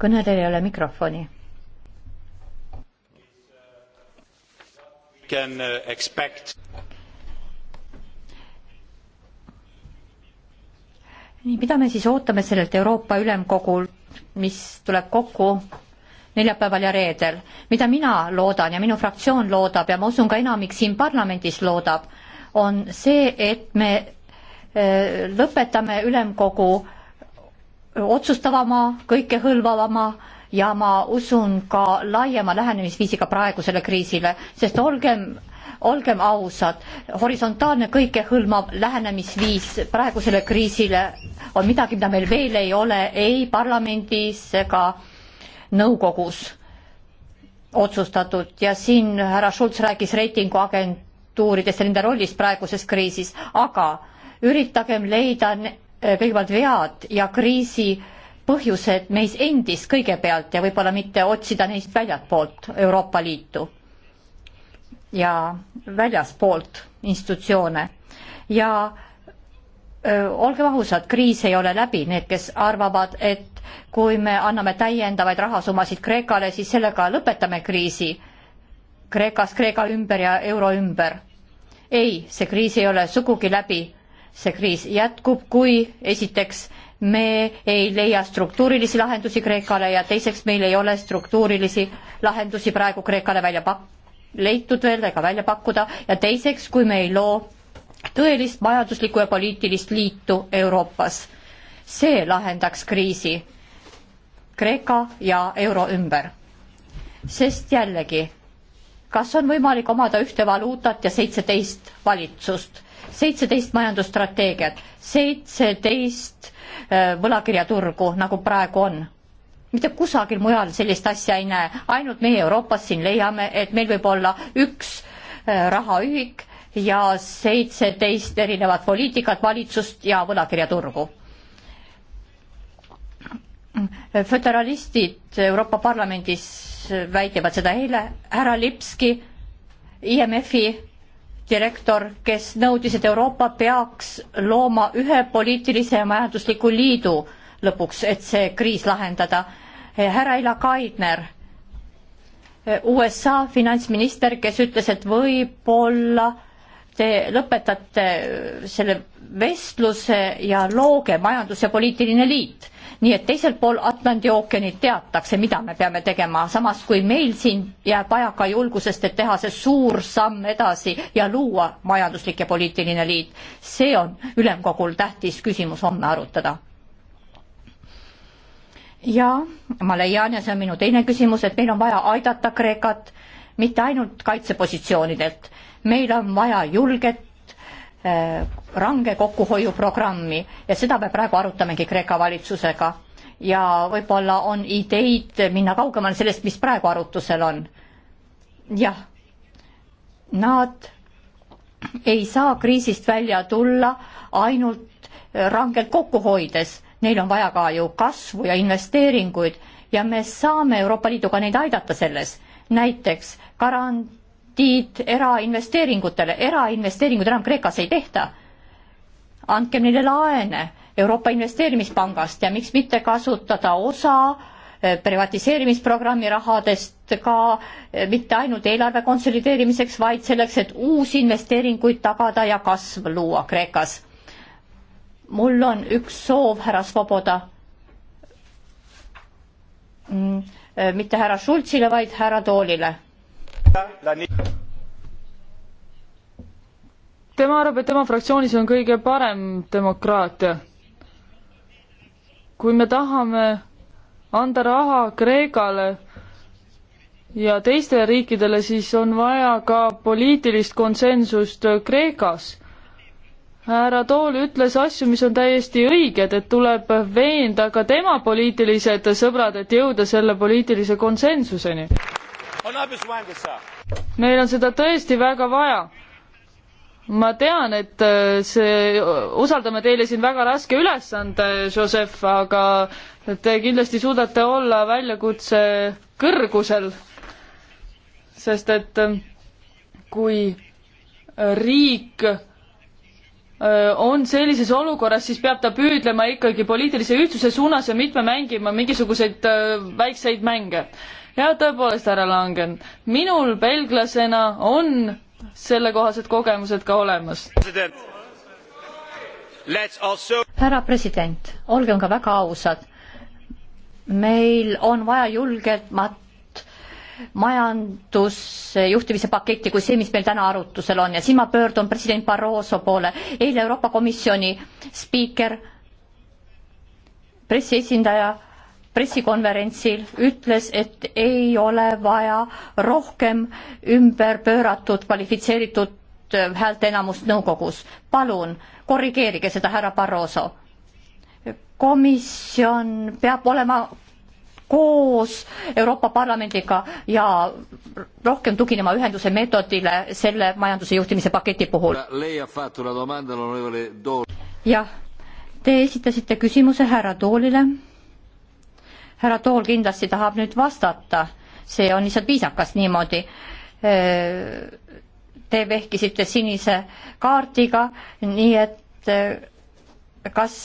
kõnedel ei ole mikrofoni. Can uh, expect nii, mida me siis ootame sellelt Euroopa Ülemkogult, mis tuleb kokku neljapäeval ja reedel, mida mina loodan ja minu fraktsioon loodab ja ma usun ka enamik siin parlamendis loodab, on see, et me äh, lõpetame ülemkogu otsustavama, kõikehõlvavama ja ma usun ka laiema lähenemisviisiga praegusele kriisile, sest olgem olgem ausad, horisontaalne kõikehõlmav lähenemisviis praegusele kriisile on midagi, mida meil veel ei ole ei parlamendis ega nõukogus otsustatud ja siin härra Schulz rääkis reitinguagentuuridest ja nende rollist praeguses kriisis, aga üritagem leida Äh, kõigepealt vead ja kriisi põhjused meis endis kõigepealt ja võib-olla mitte otsida neist väljatpoolt Euroopa Liitu ja väljaspoolt institutsioone ja öö, äh, olgem ausad, kriis ei ole läbi, need, kes arvavad, et kui me anname täiendavaid rahasummasid Kreekale, siis sellega lõpetame kriisi Kreekas, Kreeka ümber ja euro ümber. ei, see kriis ei ole sugugi läbi see kriis jätkub, kui esiteks me ei leia struktuurilisi lahendusi Kreekale ja teiseks meil ei ole struktuurilisi lahendusi praegu Kreekale välja pak-, leitud veel ega välja pakkuda ja teiseks, kui me ei loo tõelist majanduslikku ja poliitilist liitu Euroopas. see lahendaks kriisi Kreeka ja euro ümber. sest jällegi, kas on võimalik omada ühte valuutat ja seitseteist valitsust? seitseteist majandusstrateegiat, seitseteist äh, võlakirjaturgu, nagu praegu on. mitte kusagil mujal sellist asja ei näe, ainult meie Euroopas siin leiame, et meil võib olla üks äh, rahaühik ja seitseteist erinevat poliitikat, valitsust ja võlakirjaturgu föderalistid Euroopa Parlamendis väidavad seda eile, härra Lipski IMF-i direktor, kes nõudis, et Euroopa peaks looma ühe poliitilise ja majandusliku liidu lõpuks, et see kriis lahendada. härra Ila Kaidner, USA finantsminister, kes ütles, et võib-olla te lõpetate selle vestluse ja looge majandus- ja poliitiline liit nii et teisel pool Atlandi ookeani teatakse, mida me peame tegema, samas kui meil siin jääb ajaka julgusest, et teha see suur samm edasi ja luua majanduslik ja poliitiline liit. see on ülemkogul tähtis küsimus homme arutada ja ma leian ja see on minu teine küsimus, et meil on vaja aidata Kreekat mitte ainult kaitsepositsioonidelt, meil on vaja julget Äh, range kokkuhoiuprogrammi ja seda me praegu arutamegi Kreeka valitsusega. ja võib-olla on ideid minna kaugemale sellest, mis praegu arutusel on. jah, nad ei saa kriisist välja tulla ainult rangelt kokku hoides, neil on vaja ka ju kasvu ja investeeringuid ja me saame Euroopa Liiduga neid aidata selles, näiteks garant-, garantiid erainvesteeringutele, erainvesteeringuid enam Kreekas ei tehta. andkem neile laene Euroopa Investeerimispangast ja miks mitte kasutada osa eh, privatiseerimisprogrammi rahadest ka eh, mitte ainult eelarve konsolideerimiseks, vaid selleks, et uusi investeeringuid tagada ja kasv luua Kreekas. mul on üks soov, härra Svoboda mm,. Eh, mitte härra Schultzile, vaid härra Toolile tema arvab, et tema fraktsioonis on kõige parem demokraatia. kui me tahame anda raha Kreekale ja teistele riikidele, siis on vaja ka poliitilist konsensust Kreekas. härra Tool ütles asju, mis on täiesti õiged, et tuleb veenda ka tema poliitilised sõbrad, et jõuda selle poliitilise konsensuseni meil on seda tõesti väga vaja. ma tean, et äh, see, usaldame teile siin väga raske ülesande, Joseph, aga te kindlasti suudate olla väljakutse kõrgusel. sest et äh, kui riik äh, on sellises olukorras, siis peab ta püüdlema ikkagi poliitilise ühtsuse suunas ja mitme mängima mingisuguseid väikseid mänge ja tõepoolest, härra Langen, minul belglasena on sellekohased kogemused ka olemas. härra president, olgem ka väga ausad, meil on vaja julgemat majandusjuhtimise paketti kui see, mis meil täna arutusel on ja siin ma pöördun president Barroso poole. eile Euroopa Komisjoni spiiker, pressiesindaja pressikonverentsil ütles, et ei ole vaja rohkem ümber pööratud kvalifitseeritud äh, häälteenamust nõukogus. palun korrigeerige seda, härra Barroso. komisjon peab olema koos Euroopa Parlamendiga ja rohkem tuginema ühenduse meetodile selle majanduse juhtimise paketi puhul. jah, te esitasite küsimuse härra Toolile härra Tool kindlasti tahab nüüd vastata, see on lihtsalt viisakas niimoodi. Te vehkisite sinise kaardiga, nii et kas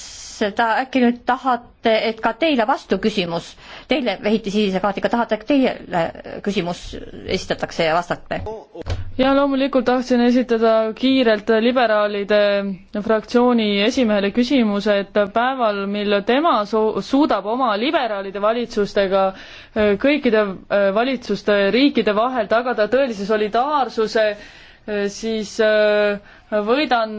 ta äkki nüüd tahate, et ka teile vastuküsimus, teile vehiti sinise kaardiga, tahate, et teile küsimus esitatakse ja vastate? ja loomulikult tahtsin esitada kiirelt liberaalide fraktsiooni esimehele küsimuse, et päeval, mil tema su-, suudab oma liberaalide valitsustega äh, kõikide äh, valitsuste riikide vahel tagada tõelise solidaarsuse, äh, siis võidan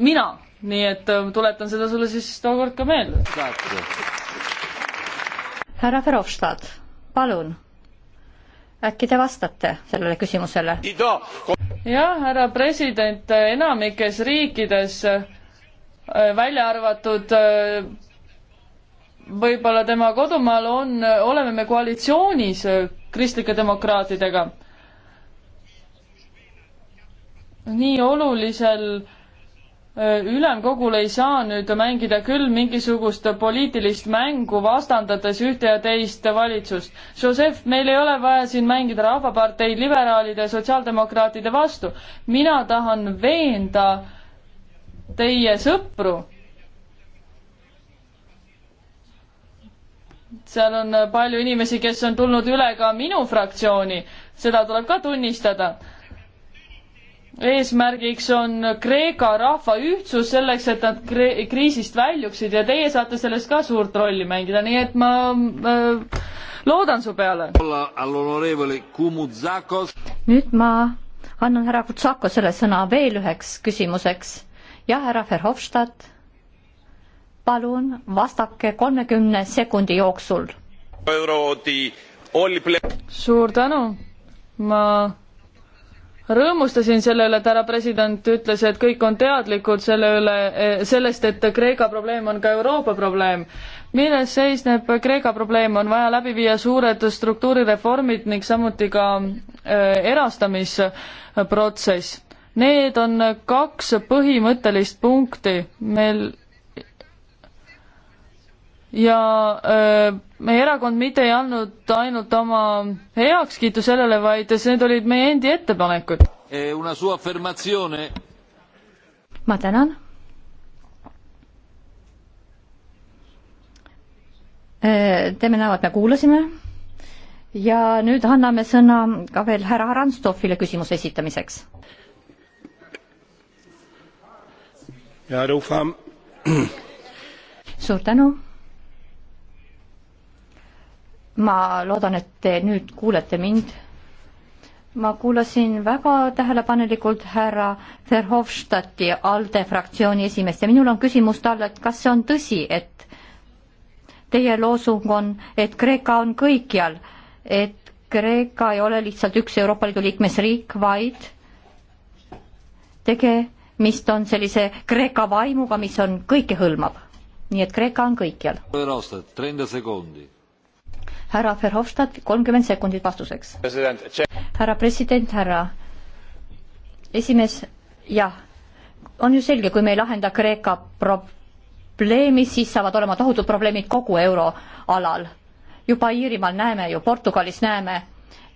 mina, nii et tuletan seda sulle siis tookord ka meelde. härra Verhofstadt, palun äkki te vastate sellele küsimusele? jah, härra president, enamikes riikides äh, välja arvatud äh, võib-olla tema kodumaal on, oleme me koalitsioonis äh, kristlike demokraatidega. nii olulisel Äh, ülemkogul ei saa nüüd mängida küll mingisugust poliitilist mängu, vastandades ühte ja teist valitsust. Joseph, meil ei ole vaja siin mängida Rahvapartei, liberaalide ja sotsiaaldemokraatide vastu. mina tahan veenda teie sõpru. seal on palju inimesi, kes on tulnud üle ka minu fraktsiooni, seda tuleb ka tunnistada eesmärgiks on Kreeka rahva ühtsus selleks, et nad kre-, kriisist väljuksid ja teie saate selles ka suurt rolli mängida, nii et ma äh, loodan su peale. nüüd ma annan härra Kutsakosele sõna veel üheks küsimuseks. jah, härra Verhofstadt, palun vastake kolmekümne sekundi jooksul. suur tänu, ma rõõmustasin selle üle, et härra president ütles, et kõik on teadlikud selle üle, e, sellest, et Kreeka probleem on ka Euroopa probleem. milles seisneb Kreeka probleem, on vaja läbi viia suured struktuurireformid ning samuti ka e, erastamisprotsess. Need on kaks põhimõttelist punkti, meil ja öö, äh, meie erakond mitte ei andnud ainult oma heakskiitu sellele, vaid need olid meie endi ettepanekud. ma tänan. Äh, teeme näo, et me kuulasime ja nüüd anname sõna ka veel härra Randstorfile küsimuse esitamiseks. suur tänu ma loodan, et te nüüd kuulete mind. ma kuulasin väga tähelepanelikult härra Verhofstadti ALDE fraktsiooni esimeest ja minul on küsimus talle, et kas see on tõsi, et teie loosung on, et Kreeka on kõikjal, et Kreeka ei ole lihtsalt üks Euroopa Liidu liikmesriik, vaid tegemist on sellise Kreeka vaimuga, mis on kõike hõlmab. nii et Kreeka on kõikjal härra Verhofstadt, kolmkümmend sekundit vastuseks. härra president, härra esimees, jah, on ju selge, kui me ei lahenda Kreeka probleemi, siis saavad olema tohutud probleemid kogu euroalal. juba Iirimaal näeme ju, Portugalis näeme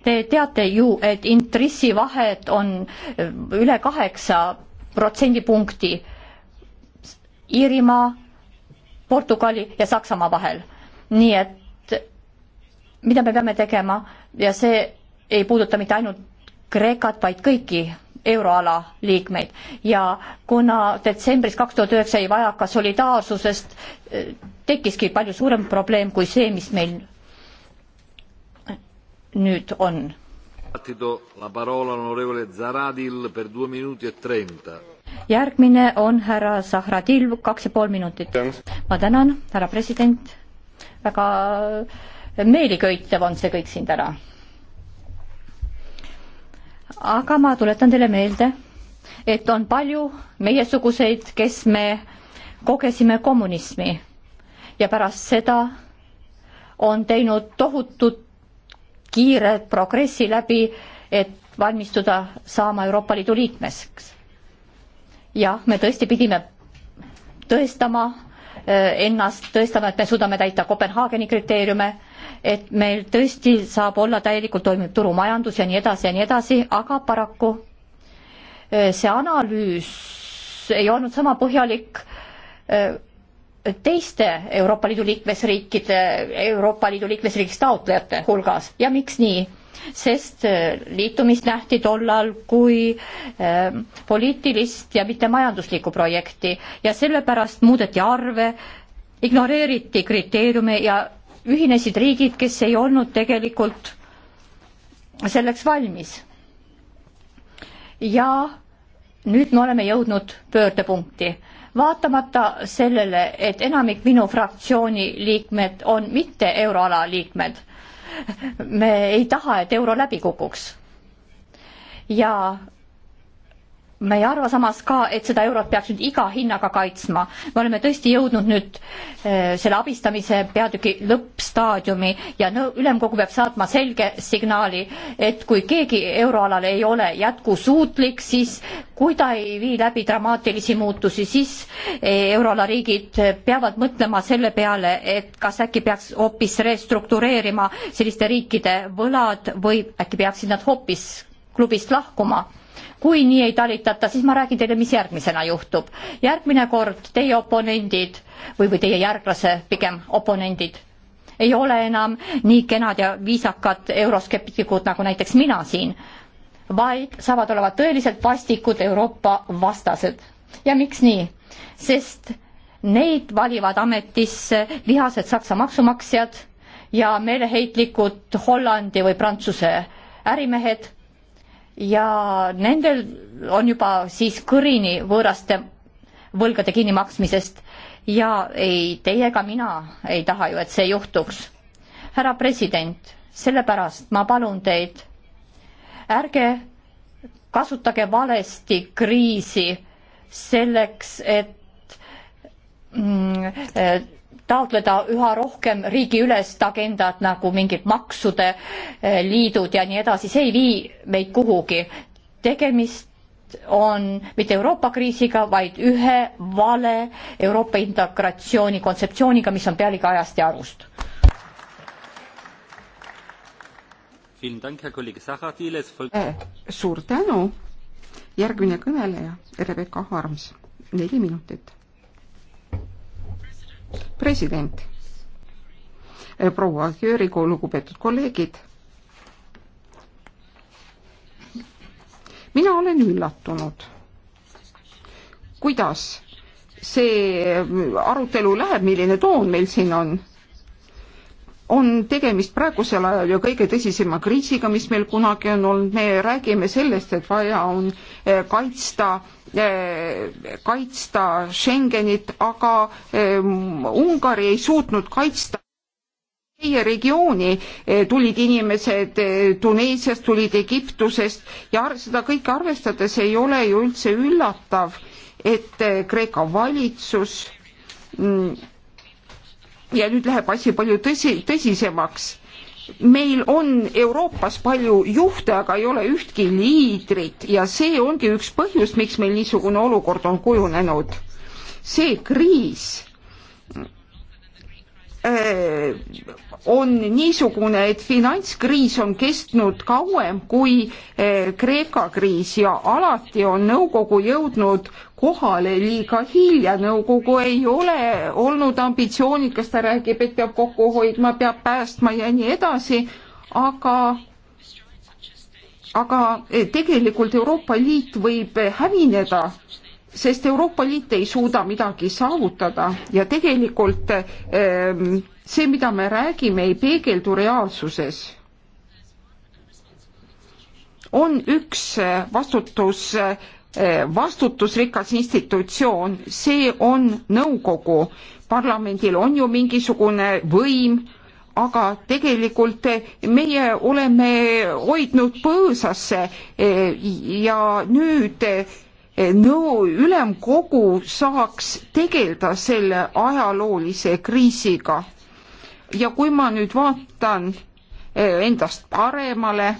Te teate ju, et intressivahed on eh, üle kaheksa protsendipunkti Iirimaa, Portugali ja Saksamaa vahel. nii et mida me peame tegema ja see ei puuduta mitte ainult Kreekat, vaid kõiki euroala liikmeid ja kuna detsembris kaks tuhat üheksa jäi vajaka solidaarsusest, tekkiski palju suurem probleem kui see, mis meil nüüd on. E järgmine on härra Zahradil, kaks ja pool minutit. ma tänan, härra president, väga meeliköitev on see kõik siin täna. aga ma tuletan teile meelde, et on palju meiesuguseid, kes me kogesime kommunismi ja pärast seda on teinud tohutut kiiret progressi läbi, et valmistuda saama Euroopa Liidu liikmeks. jah, me tõesti pidime tõestama eh, ennast, tõestama, et me suudame täita Kopenhaageni kriteeriume et meil tõesti saab olla täielikult toimiv turumajandus ja nii edasi ja nii edasi, aga paraku eh, see analüüs ei olnud sama põhjalik eh, teiste Euroopa Liidu liikmesriikide, Euroopa Liidu liikmesriigist taotlejate hulgas ja miks nii? sest eh, liitumist nähti tollal kui äh, poliitilist ja mitte majanduslikku projekti ja sellepärast muudeti arve, ignoreeriti kriteeriume ja ühinesid riigid, kes ei olnud tegelikult selleks valmis. ja nüüd me oleme jõudnud pöördepunkti. vaatamata sellele, et enamik minu fraktsiooni liikmed on mitte euroala liikmed, me ei taha, et euro läbi kukuks. ja me ei arva samas ka, et seda eurot peaks nüüd iga hinnaga kaitsma. me oleme tõesti jõudnud nüüd eh, selle abistamise peatüki lõppstaadiumi ja nõu-, ülemkogu peab saatma selge signaali, et kui keegi euroalal ei ole jätkusuutlik, siis kui ta ei vii läbi dramaatilisi muutusi, siis eh, euroala riigid peavad mõtlema selle peale, et kas äkki peaks hoopis restruktureerima selliste riikide võlad või äkki peaksid nad hoopis klubist lahkuma kui nii ei talitata, siis ma räägin teile, mis järgmisena juhtub. järgmine kord teie oponendid või, või teie järglase pigem oponendid ei ole enam nii kenad ja viisakad euroskeptikud nagu näiteks mina siin, vaid saavad olema tõeliselt vastikud Euroopa vastased. ja miks nii? sest neid valivad ametisse vihased Saksa maksumaksjad ja meeleheitlikud Hollandi või Prantsuse ärimehed ja nendel on juba siis kõrini võõraste võlgade kinnimaksmisest ja ei, teie ega mina ei taha ju, et see juhtuks. härra president, sellepärast ma palun teid, ärge kasutage valesti kriisi selleks, et mm, taotleda üha rohkem riigiülest agendat nagu mingid maksude eh, liidud ja nii edasi, see ei vii meid kuhugi. tegemist on mitte Euroopa kriisiga, vaid ühe vale Euroopa integratsiooni kontseptsiooniga, mis on pealegi ajast ja arust. Äh, suur tänu, järgmine kõneleja, Rebecca Harms, neli minutit president, eh, proua Jüriku, lugupeetud kolleegid. mina olen üllatunud, kuidas see arutelu läheb, milline toon meil siin on on tegemist praegusel ajal ju kõige tõsisema kriisiga, mis meil kunagi on olnud, me räägime sellest, et vaja on eh, kaitsta Eh, kaitsta Schengenit, aga eh, Ungari ei suutnud kaitsta meie regiooni, eh, tulid inimesed Tuneesiast, tulid Egiptusest ja seda kõike arvestades ei ole ju üldse üllatav, et Kreeka valitsus mm, ja nüüd läheb asi palju tõsi, tõsisemaks meil on Euroopas palju juhte, aga ei ole ühtki liidrit ja see ongi üks põhjus, miks meil niisugune olukord on kujunenud. see kriis öö, äh, on niisugune, et finantskriis on kestnud kauem kui äh, Kreeka kriis ja alati on nõukogu jõudnud kohale liiga hilja, nõukogu ei ole olnud ambitsioonikas, ta räägib, et peab kokku hoidma, peab päästma ja nii edasi, aga aga eh, tegelikult Euroopa Liit võib hävineda, sest Euroopa Liit ei suuda midagi saavutada ja tegelikult ehm, see, mida me räägime, ei peegeldu reaalsuses on üks eh, vastutus eh, Eh, vastutusrikas institutsioon, see on nõukogu. parlamendil on ju mingisugune võim, aga tegelikult eh, meie oleme hoidnud põõsasse eh, ja nüüd nõu ülemkogu saaks tegeleda selle ajaloolise kriisiga. ja kui ma nüüd vaatan endast paremale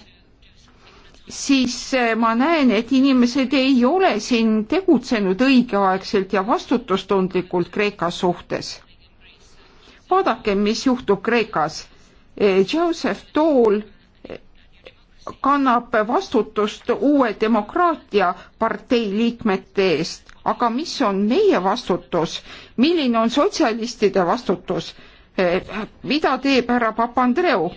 siis eh, ma näen, et inimesed ei ole siin tegutsenud õigeaegselt ja vastutustundlikult Kreeka suhtes. vaadake, mis juhtub Kreekas. Eh, Joseph Tool eh, kannab vastutust uue demokraatia partei liikmete eest, aga mis on meie vastutus, milline on sotsialistide vastutus? mida teeb härra Papandreou?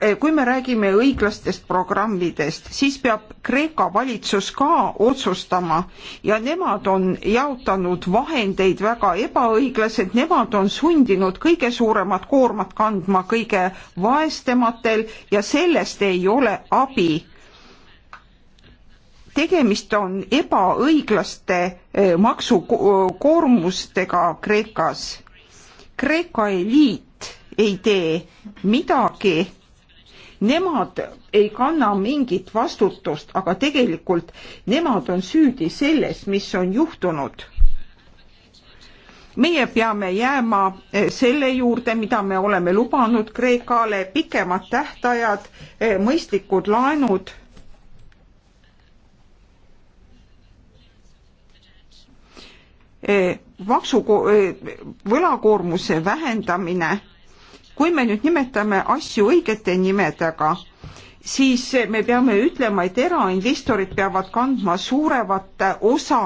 Eh, kui me räägime õiglastest programmidest, siis peab Kreeka valitsus ka otsustama ja nemad on jaotanud vahendeid väga ebaõiglaselt, nemad on sundinud kõige suuremat koormat kandma kõige vaestematel ja sellest ei ole abi. tegemist on ebaõiglaste eh, maksukoormustega Kreekas. Kreeka eliit ei tee midagi nemad ei kanna mingit vastutust, aga tegelikult nemad on süüdi selles, mis on juhtunud. meie peame jääma eh, selle juurde, mida me oleme lubanud Kreekale, pikemad tähtajad, eh, mõistlikud laenud eh, maksu, võlakoormuse vähendamine kui me nüüd nimetame asju õigete nimedega, siis me peame ütlema, et erainvestorid peavad kandma suuremat osa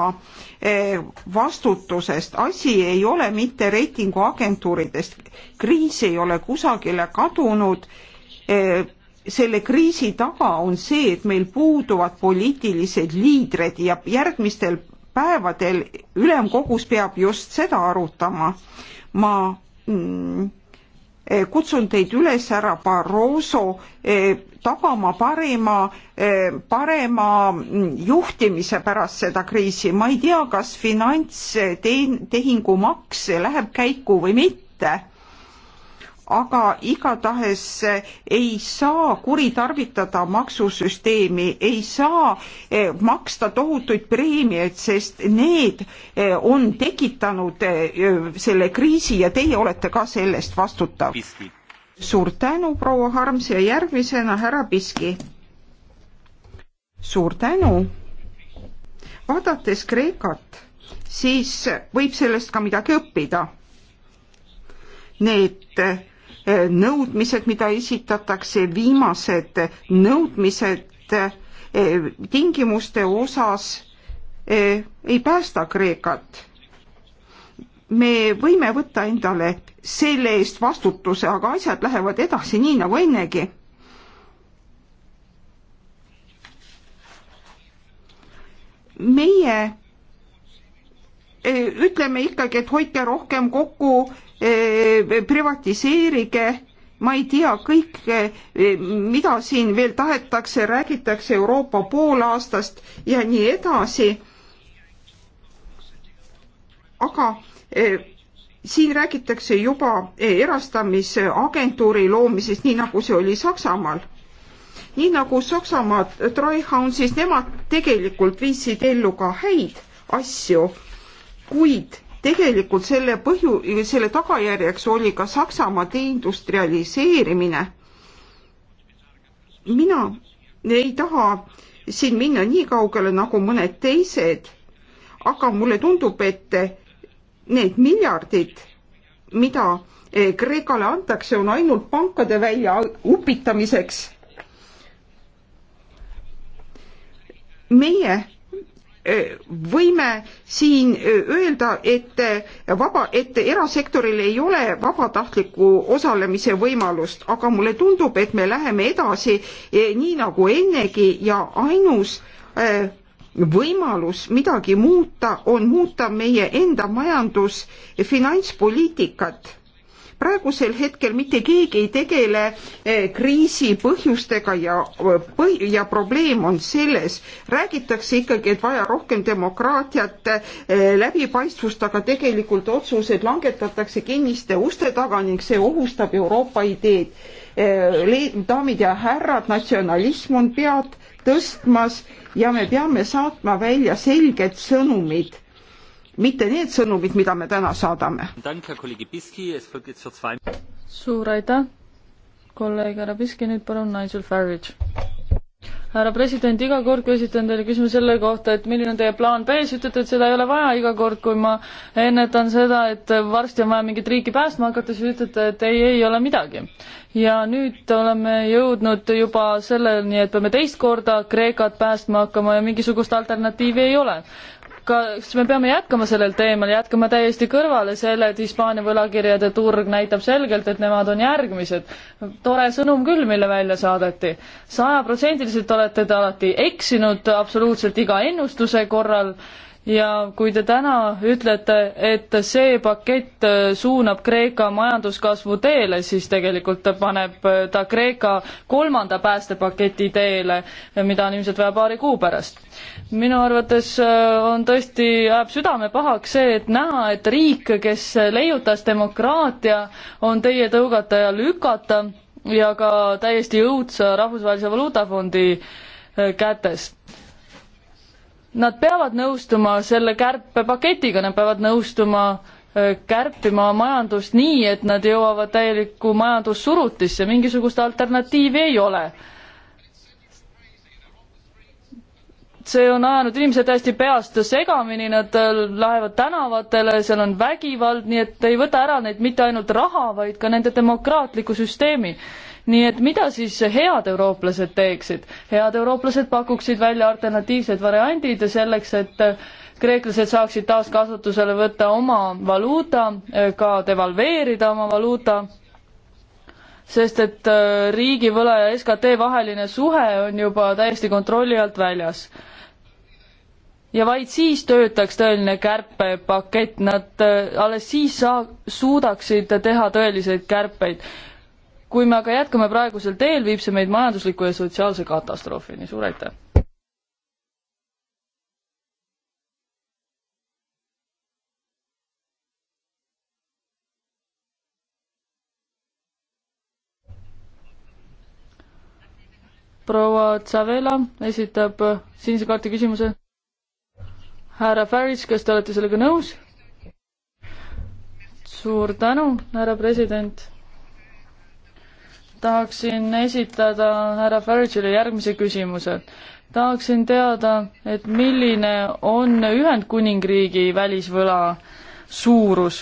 eh, vastutusest. asi ei ole mitte reitinguagentuuridest, kriis ei ole kusagile kadunud. Eh, selle kriisi taga on see, et meil puuduvad poliitilised liidrid ja järgmistel päevadel ülemkogus peab just seda arutama. ma mm, Eh, kutsun teid üles, härra Barroso, eh, tagama eh, parema, parema mm, juhtimise pärast seda kriisi. ma ei tea, kas finantstehingu maks läheb käiku või mitte aga igatahes ei saa kuritarvitada maksusüsteemi, ei saa eh, maksta tohutuid preemiaid, sest need eh, on tekitanud eh, selle kriisi ja teie olete ka selle eest vastutav. suur tänu, proua Harms ja järgmisena härra Piski. suur tänu. vaadates Kreekat, siis võib sellest ka midagi õppida. Need nõudmised, mida esitatakse, viimased nõudmised eh, tingimuste osas eh, ei päästa Kreekat. me võime võtta endale selle eest vastutuse, aga asjad lähevad edasi nii nagu ennegi meie eh, ütleme ikkagi, et hoidke rohkem kokku Äh, privatiseerige, ma ei tea kõike, äh, mida siin veel tahetakse, räägitakse Euroopa poolaastast ja nii edasi. aga äh, siin räägitakse juba erastamisagentuuri loomisest, nii nagu see oli Saksamaal. nii nagu Saksamaa Treuhound, siis nemad tegelikult viisid ellu ka häid asju, kuid tegelikult selle põhju, selle tagajärjeks oli ka Saksamaa deindustrialiseerimine. mina ei taha siin minna nii kaugele nagu mõned teised, aga mulle tundub, et need miljardid, mida eh, Kreekale antakse, on ainult pankade välja upitamiseks. meie võime siin öelda, et vaba, et erasektoril ei ole vabatahtliku osalemise võimalust, aga mulle tundub, et me läheme edasi nii nagu ennegi ja ainus võimalus midagi muuta on muuta meie enda majandus finantspoliitikat praegusel hetkel mitte keegi ei tegele eh, kriisi põhjustega ja eh, põh-, ja probleem on selles, räägitakse ikkagi, et vaja rohkem demokraatiat, eh, läbipaistvust, aga tegelikult otsused langetatakse kinniste uste taga ning see ohustab Euroopa ideed. daamid ja härrad, natsionalism on pead tõstmas ja me peame saatma välja selged sõnumid mitte need sõnumid, mida me täna saadame. suur aitäh, kolleeg härra Biski, nüüd palun Nigel Farage. härra president, iga kord, kui esitan teile küsimuse selle kohta, et milline on teie plaan B, siis ütlete, et seda ei ole vaja, iga kord, kui ma ennetan seda, et varsti on vaja mingit riiki päästma hakata, siis ütlete, et ei, ei ole midagi ja nüüd oleme jõudnud juba selleni, et peame teist korda Kreekat päästma hakkama ja mingisugust alternatiivi ei ole kas me peame jätkama sellel teemal, jätkama täiesti kõrvale selle, et Hispaania võlakirjade turg näitab selgelt, et nemad on järgmised. tore sõnum küll, mille välja saadeti. sajaprotsendiliselt olete te alati eksinud absoluutselt iga ennustuse korral ja kui te täna ütlete, et see pakett äh, suunab Kreeka majanduskasvu teele, siis tegelikult ta paneb äh, ta Kreeka kolmanda päästepaketi teele, mida on ilmselt vaja paari kuu pärast. minu arvates äh, on tõesti, ajab südame pahaks see, et näha, et riik, kes leiutas demokraatia, on teie tõugata ja lükata ja ka täiesti õudsa Rahvusvahelise Valuutafondi kätest nad peavad nõustuma selle kärpepaketiga, nad peavad nõustuma äh, kärpima majandust nii, et nad jõuavad täielikku majandussurutisse, mingisugust alternatiivi ei ole. see on ajanud inimesed täiesti peast segamini, nad äh, lähevad tänavatele, seal on vägivald, nii et ei võta ära neilt mitte ainult raha, vaid ka nende demokraatliku süsteemi nii et mida siis head eurooplased teeksid? head eurooplased pakuksid välja alternatiivsed variandid selleks, et kreeklased saaksid taaskasutusele võtta oma valuuta, ka devalveerida oma valuuta, sest et äh, riigivõla ja SKT vaheline suhe on juba täiesti kontrolli alt väljas ja vaid siis töötaks tõeline kärpepakett, nad äh, alles siis saa-, suudaksid teha tõeliseid kärpeid kui me aga jätkame praegusel teel, viib see meid majandusliku ja sotsiaalse katastroofini, suur aitäh! proua Tsavela esitab sinise kaarti küsimuse. härra Farage, kas te olete sellega nõus? suur tänu, härra president tahaksin esitada härra Farage'ile järgmise küsimuse. tahaksin teada, et milline on Ühendkuningriigi välisvõla suurus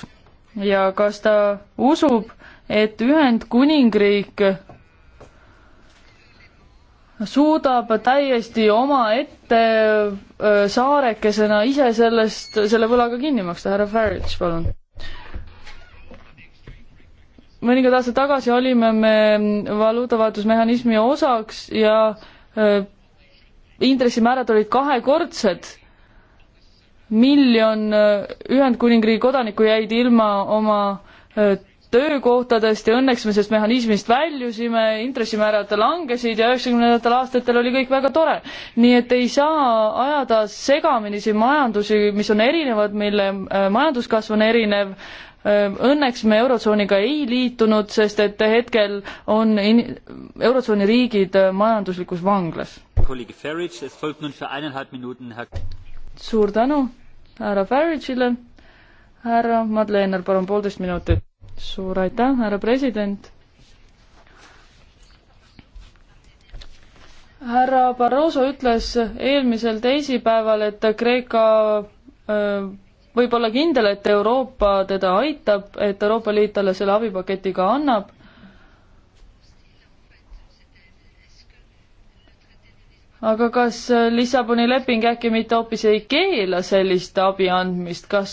ja kas ta usub, et Ühendkuningriik suudab täiesti omaette saarekesena ise sellest, selle võlaga kinni maksta, härra Farage, palun mõningad aastad tagasi olime me valuutavahetusmehhanismi osaks ja intressimäärad olid kahekordsed. miljon Ühendkuningriigi kodanikku jäid ilma oma töökohtadest ja õnneks me sellest mehhanismist väljusime, intressimäärad langesid ja üheksakümnendatel aastatel oli kõik väga tore. nii et ei saa ajada segamini siin majandusi, mis on erinevad, mille majanduskasv on erinev, Õnneks me Eurotsooniga ei liitunud, sest et hetkel on in-, Eurotsooni riigid majanduslikus vanglas. suur tänu härra Farage'ile, härra Madlener, palun poolteist minutit. suur aitäh, härra president. härra Barroso ütles eelmisel teisipäeval, et Kreeka öö, võib olla kindel, et Euroopa teda aitab, et Euroopa Liit talle selle abipaketi ka annab. aga kas Lissaboni leping äkki mitte hoopis ei keela sellist abi andmist, kas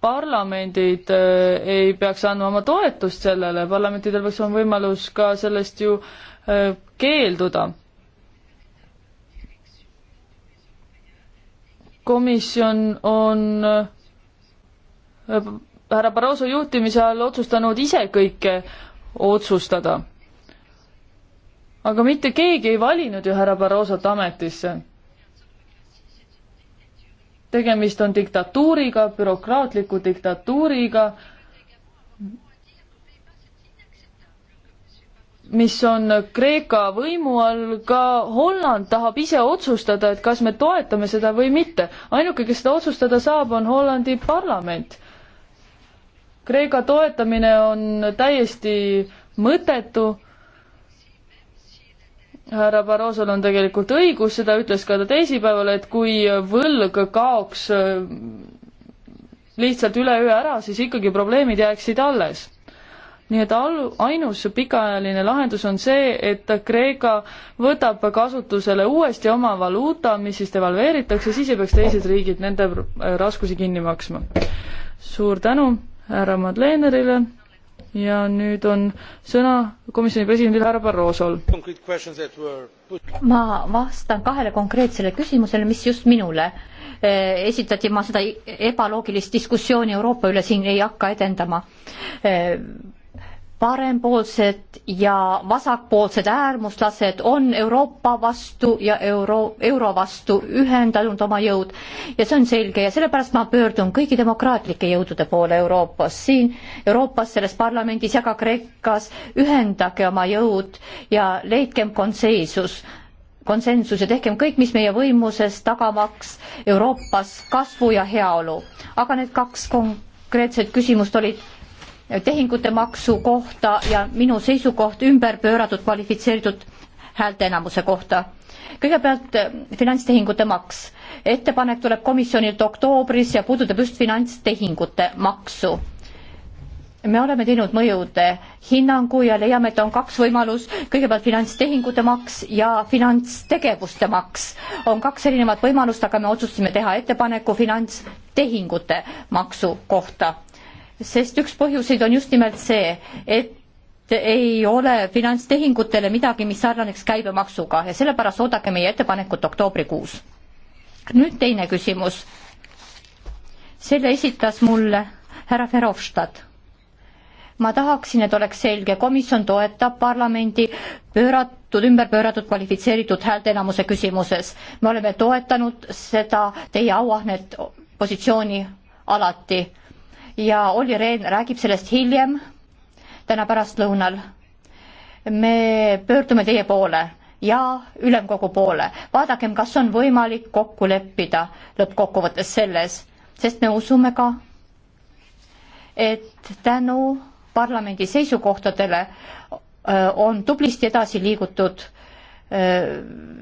parlamendid äh, ei peaks andma oma toetust sellele, parlamentidel peaks olema võimalus ka sellest ju äh, keelduda komisjon on äh, härra Barroso juhtimise all otsustanud ise kõike otsustada. aga mitte keegi ei valinud ju härra Barrosot ametisse. tegemist on diktatuuriga, bürokraatliku diktatuuriga mis on Kreeka võimu all, ka Holland tahab ise otsustada, et kas me toetame seda või mitte. ainuke, kes seda otsustada saab, on Hollandi parlament. Kreeka toetamine on täiesti mõttetu. härra Barrosol on tegelikult õigus, seda ütles ka ta teisipäeval, et kui võlg kaoks lihtsalt üleöö ära, siis ikkagi probleemid jääksid alles nii et al-, ainus pikaajaline lahendus on see, et Kreeka võtab kasutusele uuesti oma valuuta, mis siis devalveeritakse, siis ei peaks teised riigid nende raskusi kinni maksma. suur tänu härra Madlenerile ja nüüd on sõna komisjoni presidendil härra Barrosol. ma vastan kahele konkreetsele küsimusele, mis just minule e, esitati, ma seda e-, ebaloogilist diskussiooni Euroopa üle siin ei hakka edendama e, parempoolsed ja vasakpoolsed äärmuslased on Euroopa vastu ja euro, euro vastu ühendanud oma jõud ja see on selge ja sellepärast ma pöördun kõigi demokraatlike jõudude poole Euroopas, siin Euroopas, selles parlamendis ja ka Kreekas, ühendage oma jõud ja leidkem konsensus, konsensus ja tehkem kõik, mis meie võimuses, tagamaks Euroopas kasvu ja heaolu. aga need kaks konkreetset küsimust olid tehingute maksu kohta ja minu seisukoht ümberpööratud kvalifitseeritud häälteenamuse kohta. kõigepealt äh, finantstehingute maks. ettepanek tuleb komisjonilt oktoobris ja puudutab just finantstehingute maksu. me oleme teinud mõjude hinnangu ja leiame, et on kaks võimalus, kõigepealt finantstehingute maks ja finantstegevuste maks. on kaks erinevat võimalust, aga me otsustasime teha ettepaneku finantstehingute maksu kohta sest üks põhjuseid on just nimelt see, et ei ole finantstehingutele midagi, mis sarnaneks käibemaksuga ja sellepärast oodake meie ettepanekut oktoobrikuus. nüüd teine küsimus. selle esitas mulle härra Verhofstadt ma tahaksin, et oleks selge, komisjon toetab parlamendi pööratud, ümberpööratud kvalifitseeritud häälteenamuse küsimuses. me oleme toetanud seda teie auahnet positsiooni alati ja Olli Rehn räägib sellest hiljem, täna pärastlõunal. me pöördume teie poole ja ülemkogu poole, vaadakem, kas on võimalik kokku leppida lõppkokkuvõttes selles, sest me usume ka, et tänu parlamendi seisukohtadele äh, on tublisti edasi liigutud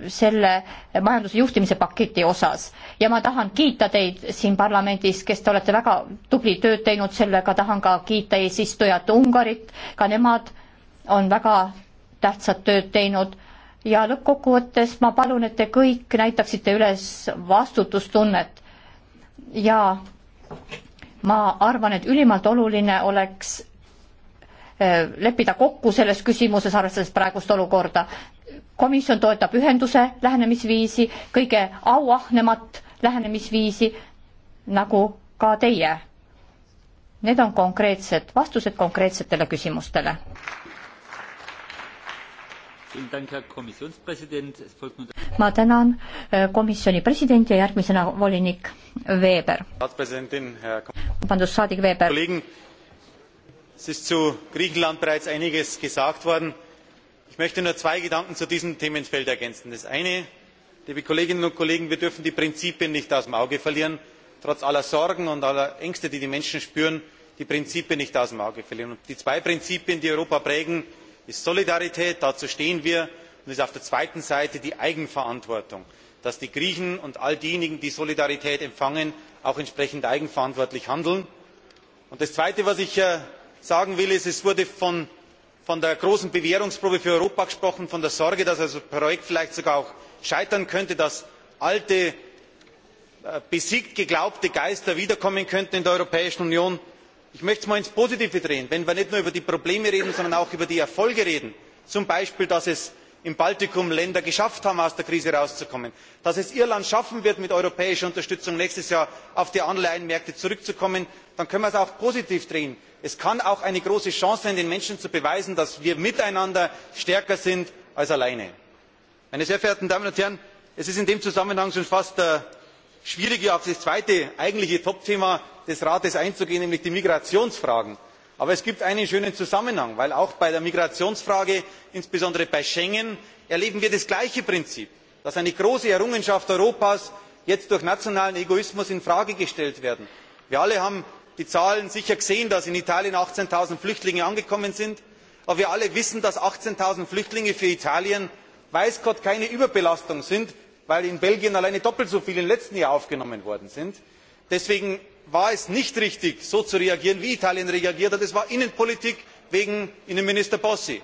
selle majanduse juhtimise paketi osas ja ma tahan kiita teid siin parlamendis, kes te olete väga tubli tööd teinud sellega, tahan ka kiita eesistujat Ungarit, ka nemad on väga tähtsat tööd teinud ja lõppkokkuvõttes ma palun, et te kõik näitaksite üles vastutustunnet ja ma arvan, et ülimalt oluline oleks leppida kokku selles küsimuses, arvestades praegust olukorda komisjon toetab ühenduse lähenemisviisi, kõige auahnemat lähenemisviisi, nagu ka teie. Need on konkreetsed vastused konkreetsetele küsimustele. ma tänan äh, komisjoni presidenti ja järgmisena volinik Weber. vabandust, saadik Weber. Es ist zu Griechenland bereits einiges gesagt worden ich möchte nur zwei gedanken zu diesem themenfeld ergänzen. das eine liebe kolleginnen und kollegen wir dürfen die prinzipien nicht aus dem auge verlieren trotz aller sorgen und aller ängste die die menschen spüren die prinzipien nicht aus dem auge verlieren. die zwei prinzipien die europa prägen sind solidarität dazu stehen wir und auf der anderen seite die eigenverantwortung dass die griechen und all diejenigen die solidarität empfangen auch entsprechend eigenverantwortlich handeln. das zweite was ich äh, sagen will ist es wurde von von der großen bewährungsprobe für europa gesprochen von der sorge dass das projekt vielleicht sogar auch scheitern könnte dass alte äh, besiegt geglaubte geister wiederkommen könnten in der europäischen union. ich möchte es einmal ins positive drehen wenn wir nicht nur über die probleme reden sondern auch über die erfolge reden zum beispiel dass im baltikum länder geschafft haben aus der krise herauszukommen dass es irland schaffen wird mit europäischer unterstützung nächstes jahr auf die anleihenmärkte zurückzukommen dann können wir es auch positiv drehen. es kann auch eine große chance sein den menschen zu beweisen dass wir miteinander stärker sind als alleine. meine sehr verehrten damen und herren es ist in diesem zusammenhang schon fast äh, schwierig auf das zweite eigentliche topthema des rates einzugehen nämlich die migrationsfragen aber es gibt einen schönen zusammenhang denn auch bei der migrationsfrage insbesondere bei schengen erleben wir das gleiche prinzip dass eine große errungenschaft europas jetzt durch nationalen egoismus in frage gestellt wird. wir alle haben die zahlen sicher gesehen dass in italien achtzehn null flüchtlinge angekommen sind aber wir alle wissen dass achtzehn null flüchtlinge für italien weiß gott keine überbelastung sind weil in belgien alleine doppelt so viele im letzten jahr aufgenommen worden sind. deswegen war es nicht richtig so zu reagieren wie italien reagiert hat. das war innenpolitik wegen innenminister bossi.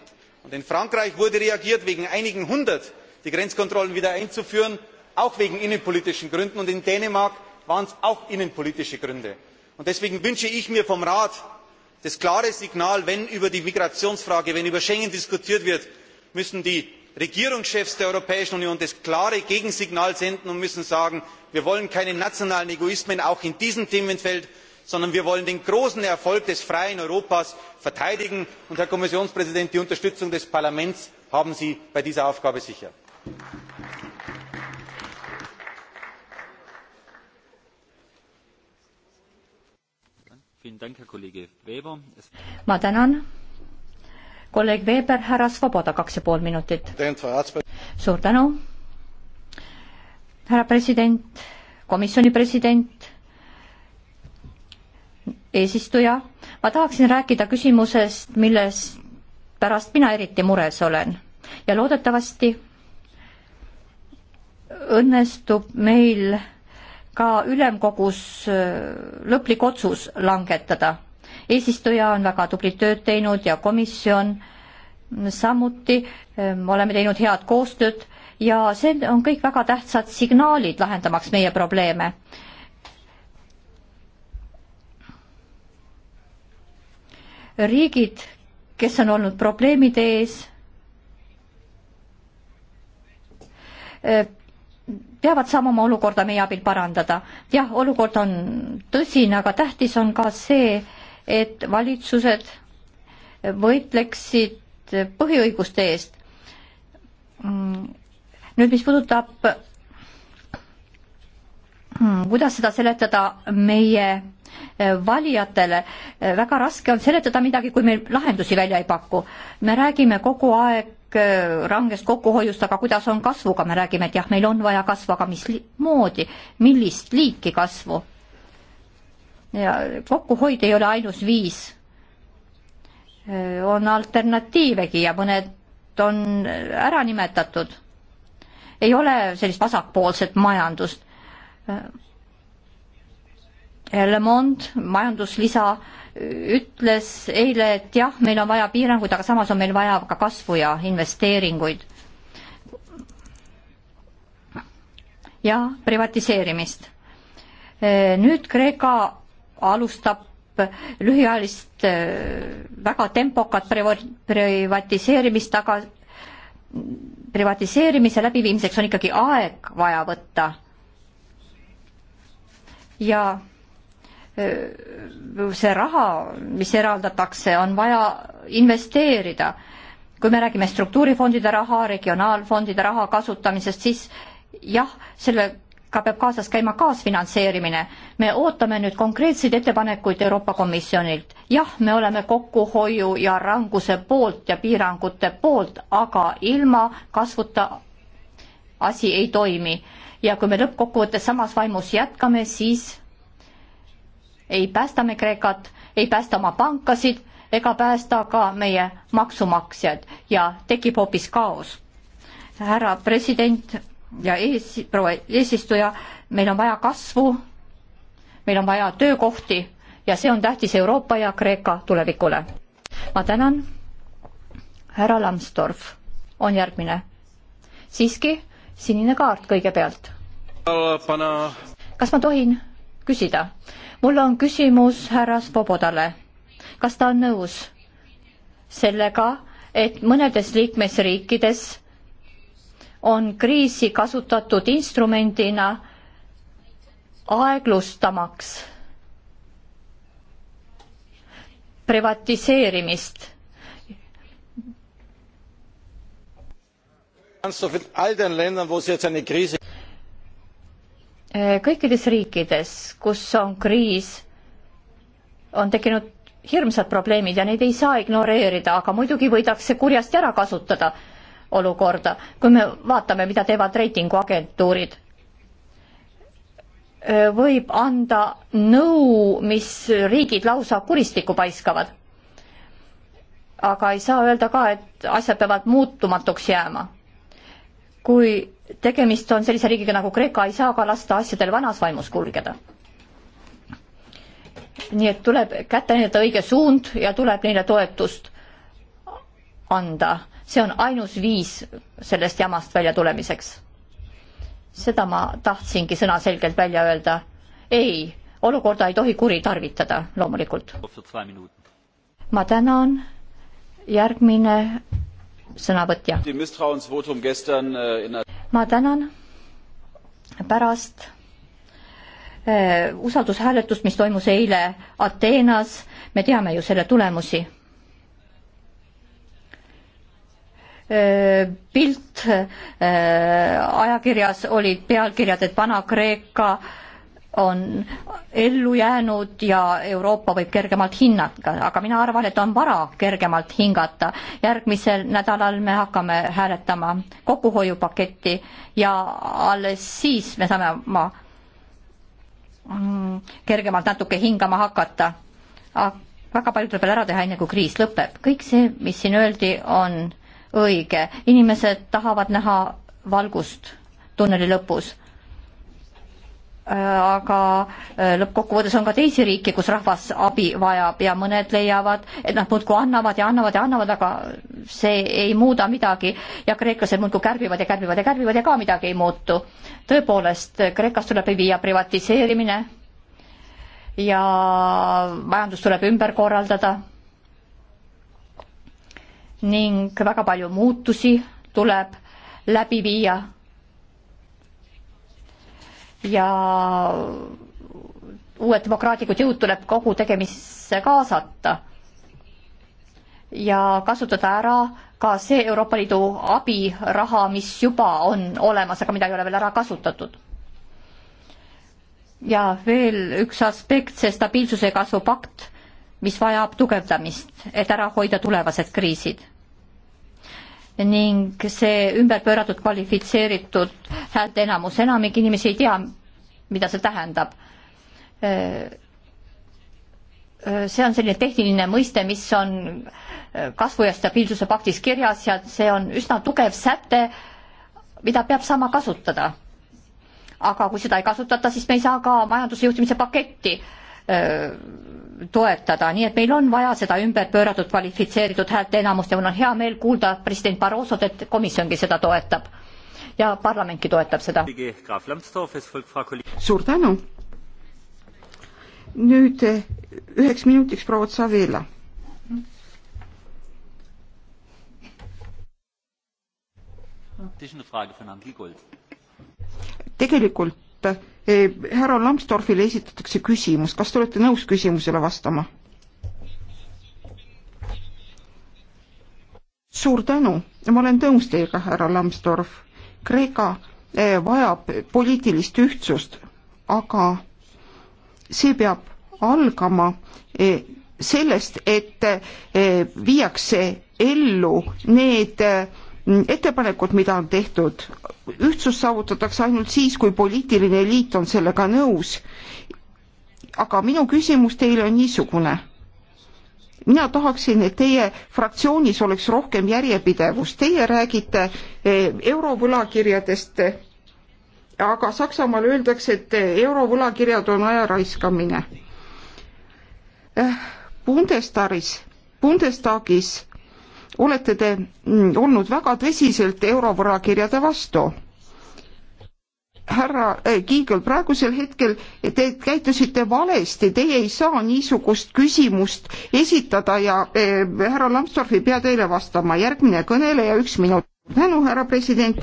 in frankreich wurde reagiert wegen einigen hundert die grenzkontrollen wieder einzuführen auch wegen innenpolitischen gründen und in dänemark waren es auch innenpolitische gründe. deswegen wünsche ich mir vom rat das klare signal wenn über die migrationsfrage wenn über schengen diskutiert wird müssen regierungschefs der europäischen union das klare gegensignal senden und müssen sagen wir wollen keine nationalen egoismen auch in diesem themenfeld sondern wir wollen den großen erfolg des freien europas verteidigen und herr kommissionspräsident die unterstützung des parlaments haben sie bei dieser aufgabe sicher. ma tänan kolleeg Weber, härra Svoboda, kaks ja pool minutit. suur tänu, härra president, komisjoni president, eesistuja. ma tahaksin rääkida küsimusest, milles pärast mina eriti mures olen ja loodetavasti õnnestub meil ka ülemkogus äh, lõplik otsus langetada eesistuja on väga tublit tööd teinud ja komisjon samuti, me ehm, oleme teinud head koostööd ja see on kõik väga tähtsad signaalid lahendamaks meie probleeme. riigid, kes on olnud probleemide ees, ehm, peavad saama oma olukorda meie abil parandada. jah, olukord on tõsine, aga tähtis on ka see, et valitsused võitleksid põhiõiguste eest. nüüd, mis puudutab, kuidas seda seletada meie valijatele, väga raske on seletada midagi, kui meil lahendusi välja ei paku. me räägime kogu aeg rangest kokkuhoiust, aga kuidas on kasvuga, me räägime, et jah, meil on vaja kasvu, aga mis moodi, millist liiki kasvu ja kokkuhoid ei ole ainus viis. on alternatiivegi ja mõned on ära nimetatud. ei ole sellist vasakpoolset majandust. Le Monde majanduslisa ütles eile, et jah, meil on vaja piiranguid, aga samas on meil vaja ka kasvu ja investeeringuid. ja privatiseerimist. nüüd Kreeka alustab lühiajalist äh, väga tempokat privatiseerimist, aga privatiseerimise läbiviimiseks on ikkagi aeg vaja võtta. ja äh, see raha, mis eraldatakse, on vaja investeerida. kui me räägime struktuurifondide raha, regionaalfondide raha kasutamisest, siis jah, selle ka peab kaasas käima kaasfinantseerimine. me ootame nüüd konkreetseid ettepanekuid Euroopa Komisjonilt. jah, me oleme kokkuhoiu ja ranguse poolt ja piirangute poolt, aga ilma kasvuta asi ei toimi. ja kui me lõppkokkuvõttes samas vaimus jätkame, siis ei päästa me Kreekat, ei päästa oma pankasid ega päästa ka meie maksumaksjad ja tekib hoopis kaos. härra president ja ees, proua eesistuja, meil on vaja kasvu, meil on vaja töökohti ja see on tähtis Euroopa ja Kreeka tulevikule. ma tänan. härra Lambsdorff on järgmine. siiski sinine kaart kõigepealt. kas ma tohin küsida? mul on küsimus härra Spobodale. kas ta on nõus sellega, et mõnedes liikmesriikides on kriisi kasutatud instrumendina aeglustamaks privatiseerimist. Äh, kõikides riikides, kus on kriis, on tekkinud hirmsad probleemid ja neid ei saa ignoreerida, aga muidugi võidakse kurjasti ära kasutada olukorda, kui me vaatame, mida teevad reitinguagentuurid, võib anda nõu, mis riigid lausa kuristikku paiskavad. aga ei saa öelda ka, et asjad peavad muutumatuks jääma. kui tegemist on sellise riigiga nagu Kreeka, ei saa ka lasta asjadel vanas vaimus kulgeda. nii et tuleb kätte näidata õige suund ja tuleb neile toetust anda see on ainus viis sellest jamast välja tulemiseks. seda ma tahtsingi sõnaselgelt välja öelda. ei, olukorda ei tohi kuritarvitada, loomulikult. ma tänan, järgmine sõnavõtja. ma tänan, pärast eh, usaldushääletust, mis toimus eile Ateenas, me teame ju selle tulemusi Äh, pilt äh, ajakirjas olid pealkirjad, et Vana-Kreeka on ellu jäänud ja Euroopa võib kergemalt hinnata, aga mina arvan, et on vara kergemalt hingata. järgmisel nädalal me hakkame hääletama kokkuhoiupaketti ja alles siis me saame oma mm, kergemalt natuke hingama hakata. väga palju tuleb veel ära teha, enne kui kriis lõpeb. kõik see, mis siin öeldi, on õige, inimesed tahavad näha valgust tunneli lõpus. Äh, aga äh, lõppkokkuvõttes on ka teisi riike, kus rahvas abi vajab ja mõned leiavad, et nad muudkui annavad ja annavad ja annavad, aga see ei muuda midagi ja kreeklased muudkui kärbivad ja kärbivad ja kärbivad ja ka midagi ei muutu. tõepoolest, Kreekas tuleb viia privatiseerimine ja majandus tuleb ümber korraldada ning väga palju muutusi tuleb läbi viia. ja uued demokraatlikud jõud tuleb kogu tegemisse kaasata ja kasutada ära ka see Euroopa Liidu abiraha, mis juba on olemas, aga mida ei ole veel ära kasutatud. ja veel üks aspekt, see stabiilsuse kasvupakt mis vajab tugevdamist, et ära hoida tulevased kriisid. ning see ümberpööratud kvalifitseeritud häälteenamus, enamik inimesi ei tea, mida see tähendab. see on selline tehniline mõiste, mis on kasvu ja stabiilsuse paktis kirjas ja see on üsna tugev säte, mida peab saama kasutada. aga kui seda ei kasutata, siis me ei saa ka majanduse juhtimise paketti äh, toetada, nii et meil on vaja seda ümberpööratud kvalifitseeritud häälteenamust ja mul on hea meel kuulda president Barrosot, et komisjongi seda toetab. ja parlamentki toetab seda. suur tänu. nüüd eh, üheks minutiks proua Tsavela. tegelikult et e, härra Lambsdorffile esitatakse küsimus, kas te olete nõus küsimusele vastama? suur tänu, ma olen nõus teiega, härra Lambsdorff. Kreeka e, vajab poliitilist ühtsust, aga see peab algama e, sellest, et viiakse ellu need ettepanekud, mida on tehtud. ühtsus saavutatakse ainult siis, kui poliitiline eliit on sellega nõus. aga minu küsimus teile on niisugune. mina tahaksin, et teie fraktsioonis oleks rohkem järjepidevust, teie räägite eh, eurovõlakirjadest, aga Saksamaal öeldakse, et eurovõlakirjad on aja raiskamine. Eh, Bundestaris, Bundestagis olete te mm, olnud väga tõsiselt eurovõlakirjade vastu. härra eh, Kiigel, praegusel hetkel te käitusite valesti, teie ei saa niisugust küsimust esitada ja äh, härra Lambsdorff ei pea teile vastama. järgmine kõneleja, üks minut. tänu, härra president.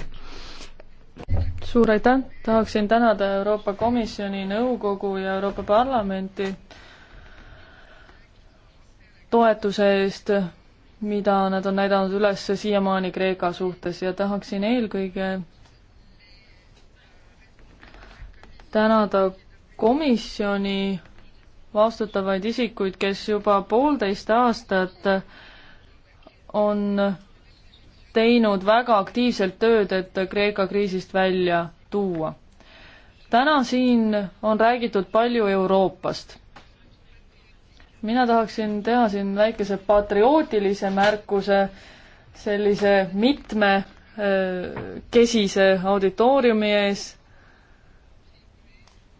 suur aitäh, tahaksin tänada Euroopa Komisjoni, nõukogu ja Euroopa Parlamenti toetuse eest mida nad on näidanud üles siiamaani Kreeka suhtes ja tahaksin eelkõige tänada komisjoni vastutavaid isikuid, kes juba poolteist aastat on teinud väga aktiivselt tööd, et Kreeka kriisist välja tuua. täna siin on räägitud palju Euroopast mina tahaksin teha siin väikese patriootilise märkuse sellise mitmekesise auditooriumi ees.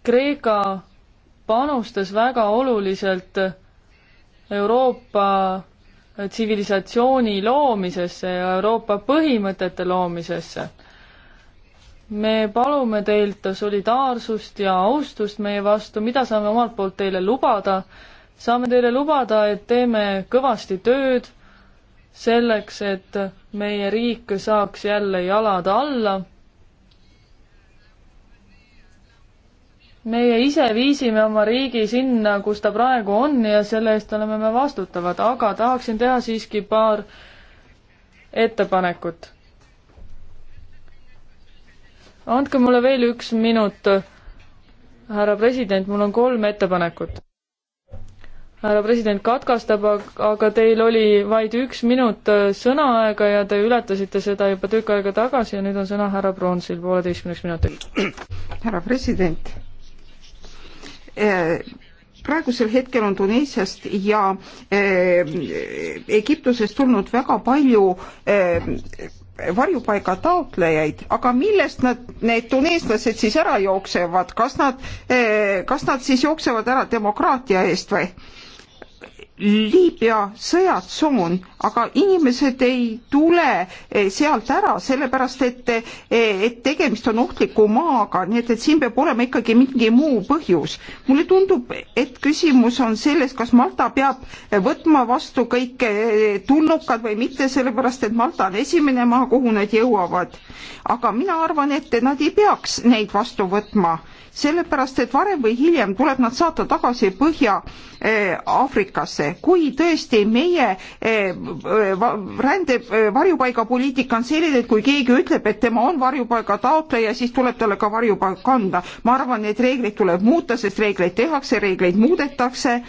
Kreeka panustas väga oluliselt Euroopa tsivilisatsiooni loomisesse ja Euroopa põhimõtete loomisesse. me palume teilt solidaarsust ja austust meie vastu, mida saame omalt poolt teile lubada saame teile lubada, et teeme kõvasti tööd selleks, et meie riik saaks jälle jalad alla. meie ise viisime oma riigi sinna, kus ta praegu on ja selle eest oleme me vastutavad, aga tahaksin teha siiski paar ettepanekut. andke mulle veel üks minut, härra president, mul on kolm ettepanekut härra president katkestab, aga teil oli vaid üks minut äh, sõnaaega ja te ületasite seda juba tükk aega tagasi ja nüüd on sõna härra Pronsil pooleteistkümneks minutiks. härra president, äh, praegusel hetkel on Tuneesiast ja äh, Egiptusest tulnud väga palju varjupaiga taotlejaid, aga millest nad, need tuneeslased siis ära jooksevad, kas nad, kas nad siis jooksevad ära demokraatia eest või? Liibüa sõjatsoon, aga inimesed ei tule eh, sealt ära, sellepärast et, eh, et tegemist on ohtliku maaga, nii et, et siin peab olema ikkagi mingi muu põhjus. mulle tundub, et küsimus on selles, kas Malta peab võtma vastu kõik eh, tulnukad või mitte, sellepärast et Malta on esimene maa, kuhu nad jõuavad. aga mina arvan, et nad ei peaks neid vastu võtma sellepärast et varem või hiljem tuleb nad saata tagasi Põhja-Aafrikasse. Eh, kui tõesti meie eh, rände, eh, varjupaigapoliitika on selline, et kui keegi ütleb, et tema on varjupaiga taotleja, siis tuleb talle ka varjupaik anda. ma arvan, et reegleid tuleb muuta, sest reegleid tehakse, reegleid muudetakse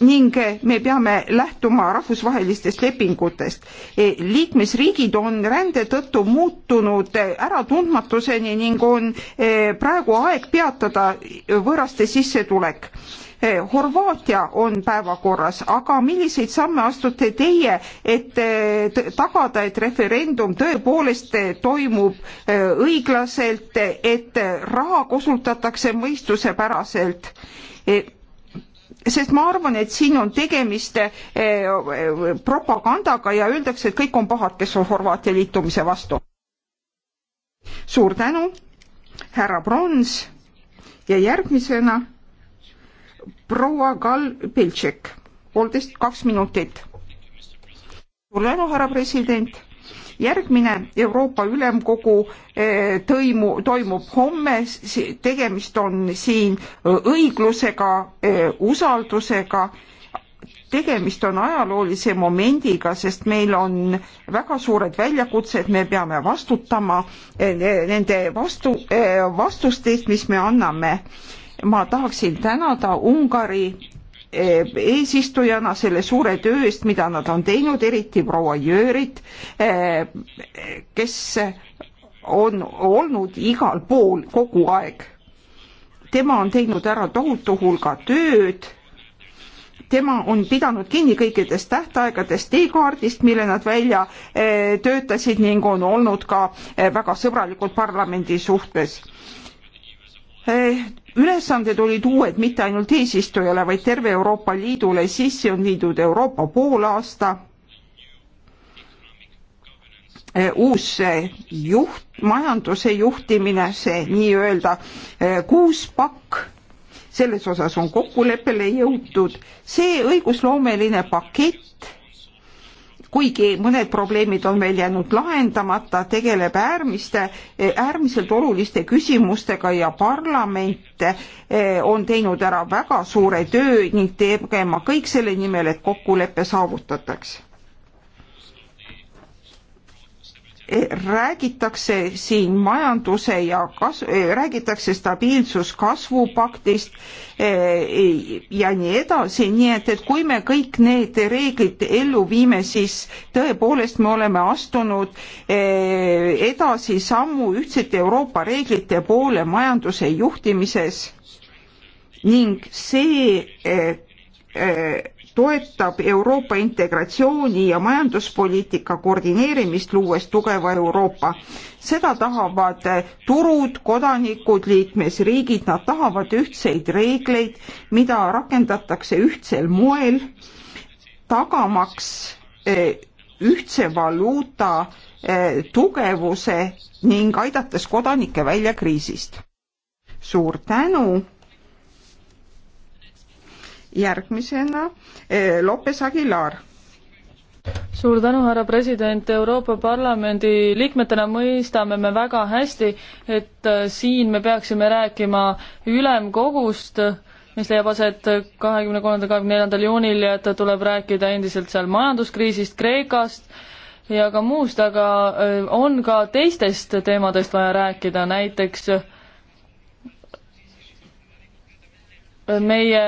ning me peame lähtuma rahvusvahelistest lepingutest. E, liikmesriigid on rände tõttu muutunud äratundmatuseni ning on e, praegu aeg peatada võõraste sissetulek. E, Horvaatia on päevakorras, aga milliseid samme astute teie, et tagada, et referendum tõepoolest toimub õiglaselt, et raha kasutatakse mõistusepäraselt? sest ma arvan, et siin on tegemist eh, eh, propagandaga ja öeldakse, et kõik on pahad, kes on Horvaatia liitumise vastu. suur tänu, härra Brons ja järgmisena proua Gal Piltšek, poolteist, kaks minutit. suur tänu, härra president järgmine Euroopa Ülemkogu eh, tõimu, toimub homme, tegemist on siin õiglusega, eh, usaldusega tegemist on ajaloolise momendiga, sest meil on väga suured väljakutsed, me peame vastutama eh, nende vastu, vastuste eest, mis me anname. ma tahaksin tänada Ungari Eh, eesistujana selle suure töö eest, mida nad on teinud, eriti proua Jöörit, eh, kes on olnud igal pool kogu aeg. tema on teinud ära tohutu hulga tööd, tema on pidanud kinni kõikidest tähtaegadest teekaardist, mille nad välja eh, töötasid ning on olnud ka väga sõbralikud parlamendi suhtes ülesanded olid uued mitte ainult eesistujale, vaid terve Euroopa Liidule, sisse on viidud Euroopa poolaasta, eh, uus eh, juht, majanduse juhtimine, see nii-öelda eh, kuus pakk, selles osas on kokkuleppele jõutud, see õigusloomeline pakett kuigi mõned probleemid on veel jäänud lahendamata, tegeleb äärmiste, äärmiselt oluliste küsimustega ja parlament eh, on teinud ära väga suure töö ning tegema kõik selle nimel, et kokkulepe saavutataks Eh, räägitakse siin majanduse ja kas-, eh, räägitakse stabiilsuskasvupaktist eh, ja nii edasi, nii et, et kui me kõik need reeglid ellu viime, siis tõepoolest me oleme astunud edasi sammu ühtsete Euroopa reeglite poole majanduse juhtimises ning see toetab Euroopa integratsiooni ja majanduspoliitika koordineerimist, luues tugeva Euroopa. seda tahavad turud, kodanikud, liikmesriigid, nad tahavad ühtseid reegleid, mida rakendatakse ühtsel moel, tagamaks eh, ühtse valuuta eh, tugevuse ning aidates kodanikke välja kriisist. suur tänu järgmisena eh, Lopes Aguilar suur tänu, härra president, Euroopa Parlamendi liikmetena mõistame me väga hästi, et eh, siin me peaksime rääkima ülemkogust, mis leiab aset kahekümne kolmandal, kahekümne neljandal juunil ja et tuleb rääkida endiselt seal majanduskriisist, Kreekast ja ka muust, aga eh, on ka teistest teemadest vaja rääkida, näiteks äh, meie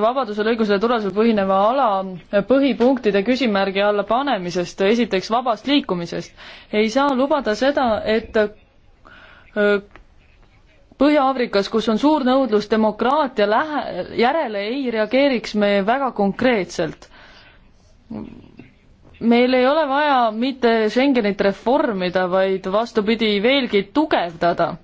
vabadusele, õigusele, turvalisusele põhineva ala põhipunktide küsimärgi alla panemisest, esiteks vabast liikumisest. ei saa lubada seda, et Põhja-Aafrikas, kus on suur nõudlus demokraatia lähe-, järele, ei reageeriks me väga konkreetselt. meil ei ole vaja mitte Schengenit reformida, vaid vastupidi, veelgi tugevdada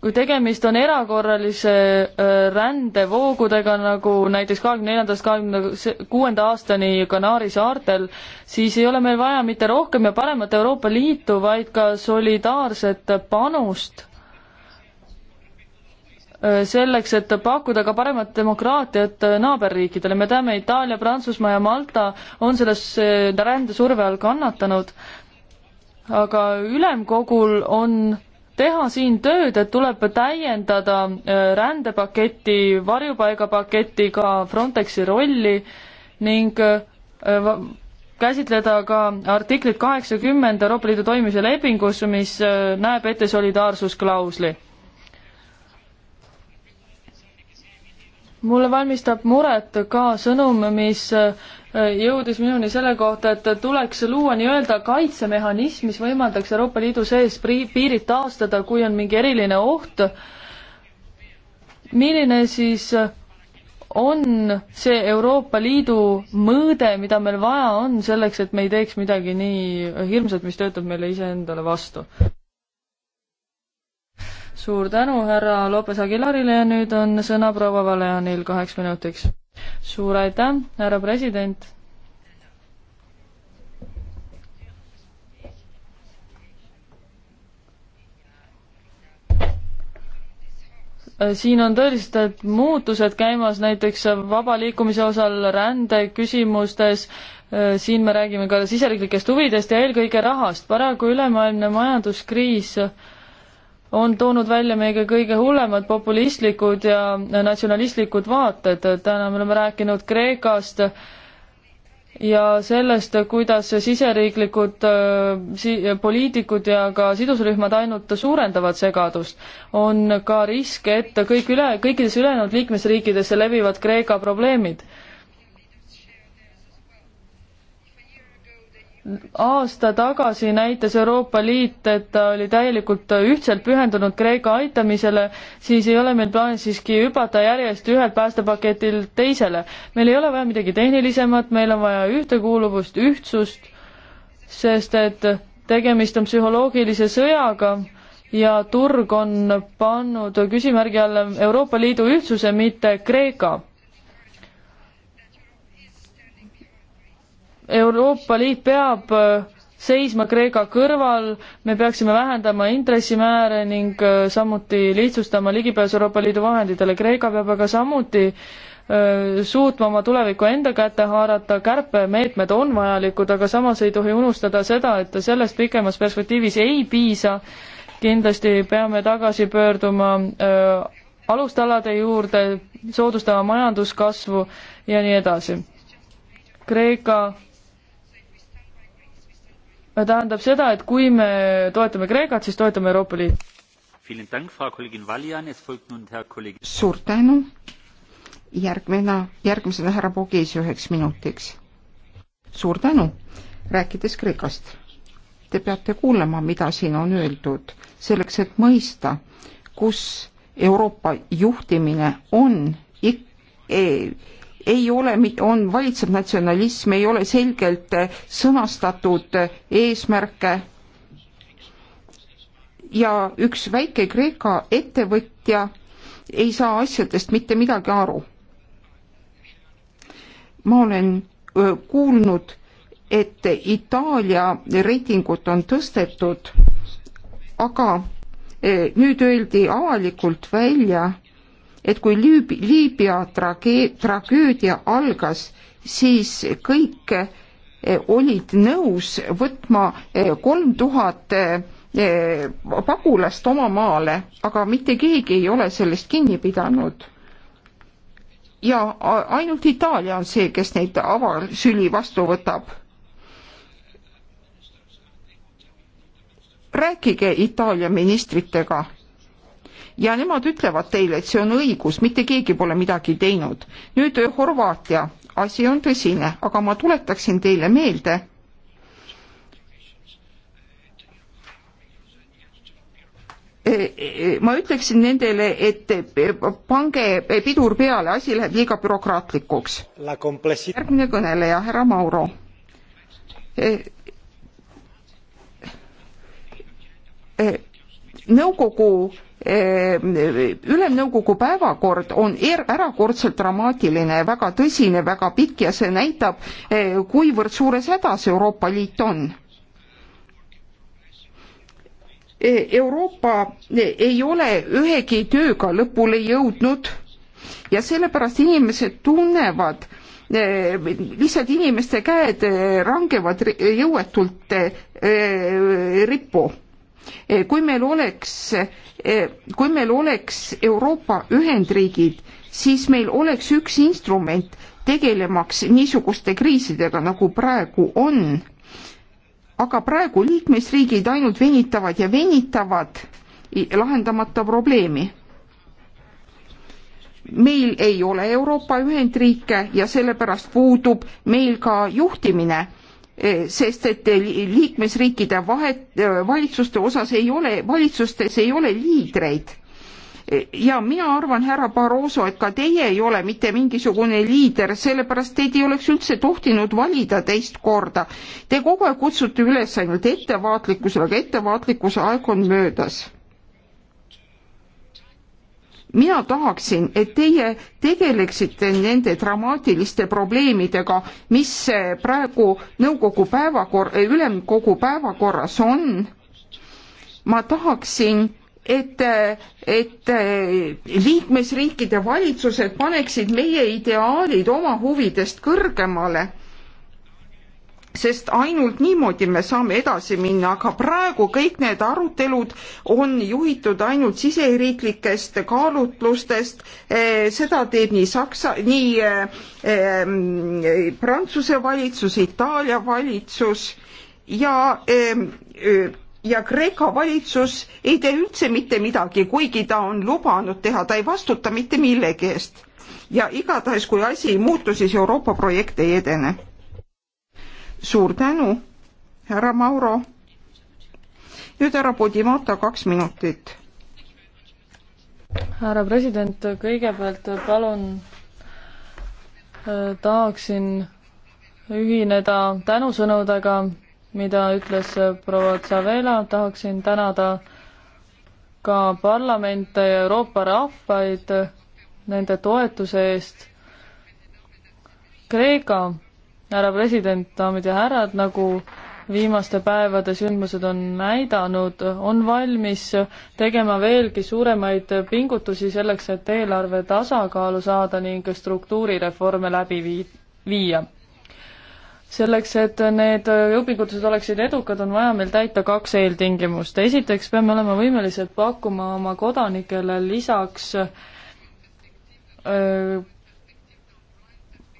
kui tegemist on erakorralise äh, rändevoogudega, nagu näiteks kahekümne neljandast kahekümne kuuenda aastani Kanaari saartel, siis ei ole meil vaja mitte rohkem ja paremat Euroopa Liitu, vaid ka solidaarset panust äh, selleks, et pakkuda ka paremat demokraatiat äh, naaberriikidele. me teame, Itaalia, Prantsusmaa ja Malta on selles rändesurve all kannatanud, aga ülemkogul on teha siin tööd, et tuleb täiendada äh, rändepaketti, varjupaigapaketti, ka Frontexi rolli ning äh, käsitleda ka artiklit kaheksakümmend Euroopa Liidu toimimise lepingus, mis äh, näeb ette solidaarsusklausli. mulle valmistab muret ka sõnum, mis jõudis minuni selle kohta, et tuleks luua nii-öelda kaitsemehhanism, mis võimaldaks Euroopa Liidu sees piirid taastada, kui on mingi eriline oht. milline siis on see Euroopa Liidu mõõde, mida meil vaja on selleks, et me ei teeks midagi nii hirmsat, mis töötab meile iseendale vastu? suur tänu härra Lopes Aguilarile ja nüüd on sõna proua Valeanil kaheks minutiks suur aitäh, härra president. siin on tõelised muutused käimas näiteks vaba liikumise osal rände küsimustes. siin me räägime ka siseriiklikest huvidest ja eelkõige rahast. paraku ülemaailmne majanduskriis äh, on toonud välja meiega kõige hullemad populistlikud ja natsionalistlikud vaated. täna me oleme rääkinud Kreekast ja sellest, kuidas siseriiklikud äh, si-, poliitikud ja ka sidusrühmad ainult suurendavad segadust. on ka risk, et kõik üle, kõikides ülejäänud liikmesriikides levivad Kreeka probleemid aasta tagasi näitas Euroopa Liit, et ta oli täielikult ühtselt pühendunud Kreeka aitamisele, siis ei ole meil plaanis siiski hüpata järjest ühelt päästepaketilt teisele. meil ei ole vaja midagi tehnilisemat, meil on vaja ühtekuuluvust, ühtsust, sest et tegemist on psühholoogilise sõjaga ja turg on pannud küsimärgi alla Euroopa Liidu ühtsuse, mitte Kreeka Euroopa Liit peab äh, seisma Kreeka kõrval, me peaksime vähendama intressimääre ning äh, samuti lihtsustama ligipääsu Euroopa Liidu vahenditele. Kreeka peab aga samuti äh, suutma oma tulevikku enda kätte haarata, kärpemeetmed on vajalikud, aga samas ei tohi unustada seda, et sellest pikemas perspektiivis ei piisa. kindlasti peame tagasi pöörduma öö, alustalade juurde, soodustama majanduskasvu ja nii edasi. Kreeka tähendab seda, et kui me toetame Kreekat, siis toetame Euroopa Liitu. suur tänu. järgmine, järgmisena härra Pogis üheks minutiks. suur tänu, rääkides Kreekast. Te peate kuulama, mida siin on öeldud, selleks et mõista, kus Euroopa juhtimine on ik-, e ei ole, on valitsev natsionalism, ei ole selgelt eh, sõnastatud eh, eesmärke. ja üks väike Kreeka ettevõtja ei saa asjadest mitte midagi aru. ma olen eh, kuulnud, et Itaalia reitingut on tõstetud, aga nüüd öeldi avalikult välja, et kui Lüübi, Liibüa trage-, tragöödia algas, siis kõik eh, olid nõus võtma eh, kolm tuhat eh, pagulast oma maale, aga mitte keegi ei ole sellest kinni pidanud. ja ainult Itaalia on see, kes neid avasüli vastu võtab. rääkige Itaalia ministritega ja nemad ütlevad teile, et see on õigus, mitte keegi pole midagi teinud. nüüd eh, Horvaatia, asi on tõsine, aga ma tuletaksin teile meelde, eh, eh, ma ütleksin nendele, et pange pidur peale, asi läheb liiga bürokraatlikuks. järgmine kõneleja, härra Mauro. nõukogu Ehm, ülemnõukogu päevakord on er erakordselt dramaatiline, väga tõsine, väga pikk ja see näitab, eh, kuivõrd suures hädas Euroopa Liit on e, Euroopa e, ei ole ühegi tööga lõpule jõudnud ja sellepärast inimesed tunnevad, e, lihtsalt inimeste käed rangevad jõuetult rippu Eh, kui meil oleks, eh, kui meil oleks Euroopa Ühendriigid, siis meil oleks üks instrument tegelemaks niisuguste kriisidega, nagu praegu on. aga praegu liikmesriigid ainult venitavad ja venitavad lahendamata probleemi meil ei ole Euroopa Ühendriike ja sellepärast puudub meil ka juhtimine Eh, sest et eh, liikmesriikide vahet, eh, valitsuste osas ei ole, valitsustes ei ole liidreid. ja mina arvan, härra Barroso, et ka teie ei ole mitte mingisugune liider, sellepärast teid ei oleks üldse tohtinud valida teist korda. Te kogu aeg kutsute üles ainult ettevaatlikkusele, aga ettevaatlikkuse aeg on möödas mina tahaksin, et teie tegeleksite nende dramaatiliste probleemidega, mis praegu nõukogu päevakor-, ülemkogu päevakorras on. ma tahaksin et, et liikmesriikide valitsused paneksid meie ideaalid oma huvidest kõrgemale sest ainult niimoodi me saame edasi minna, aga praegu kõik need arutelud on juhitud ainult siseriiklikest kaalutlustest. Eh, seda teeb nii Saksa, nii eh, eh, Prantsuse valitsus, Itaalia valitsus ja ja Kreeka valitsus ei tee üldse mitte midagi, kuigi ta on lubanud teha, ta ei vastuta mitte millegi eest. ja igatahes, kui asi ei muutu, siis Euroopa projekt ei edene suur tänu, härra Mauro. nüüd härra Podimata, kaks minutit. härra president, kõigepealt palun äh, tahaksin ühineda tänusõnudega, mida ütles äh, proua Tsavela, tahaksin tänada ka parlamente ja Euroopa rahvaid äh, nende toetuse eest. Kreeka härra president, daamid ja härrad, nagu viimaste päevade sündmused on näidanud, on valmis tegema veelgi suuremaid pingutusi selleks, et eelarve tasakaalu saada ning struktuurireforme läbi vii-, viia. selleks, et need jõupingutused oleksid edukad, on vaja meil täita kaks eeltingimust. esiteks peame olema võimelised pakkuma oma kodanikele lisaks öö,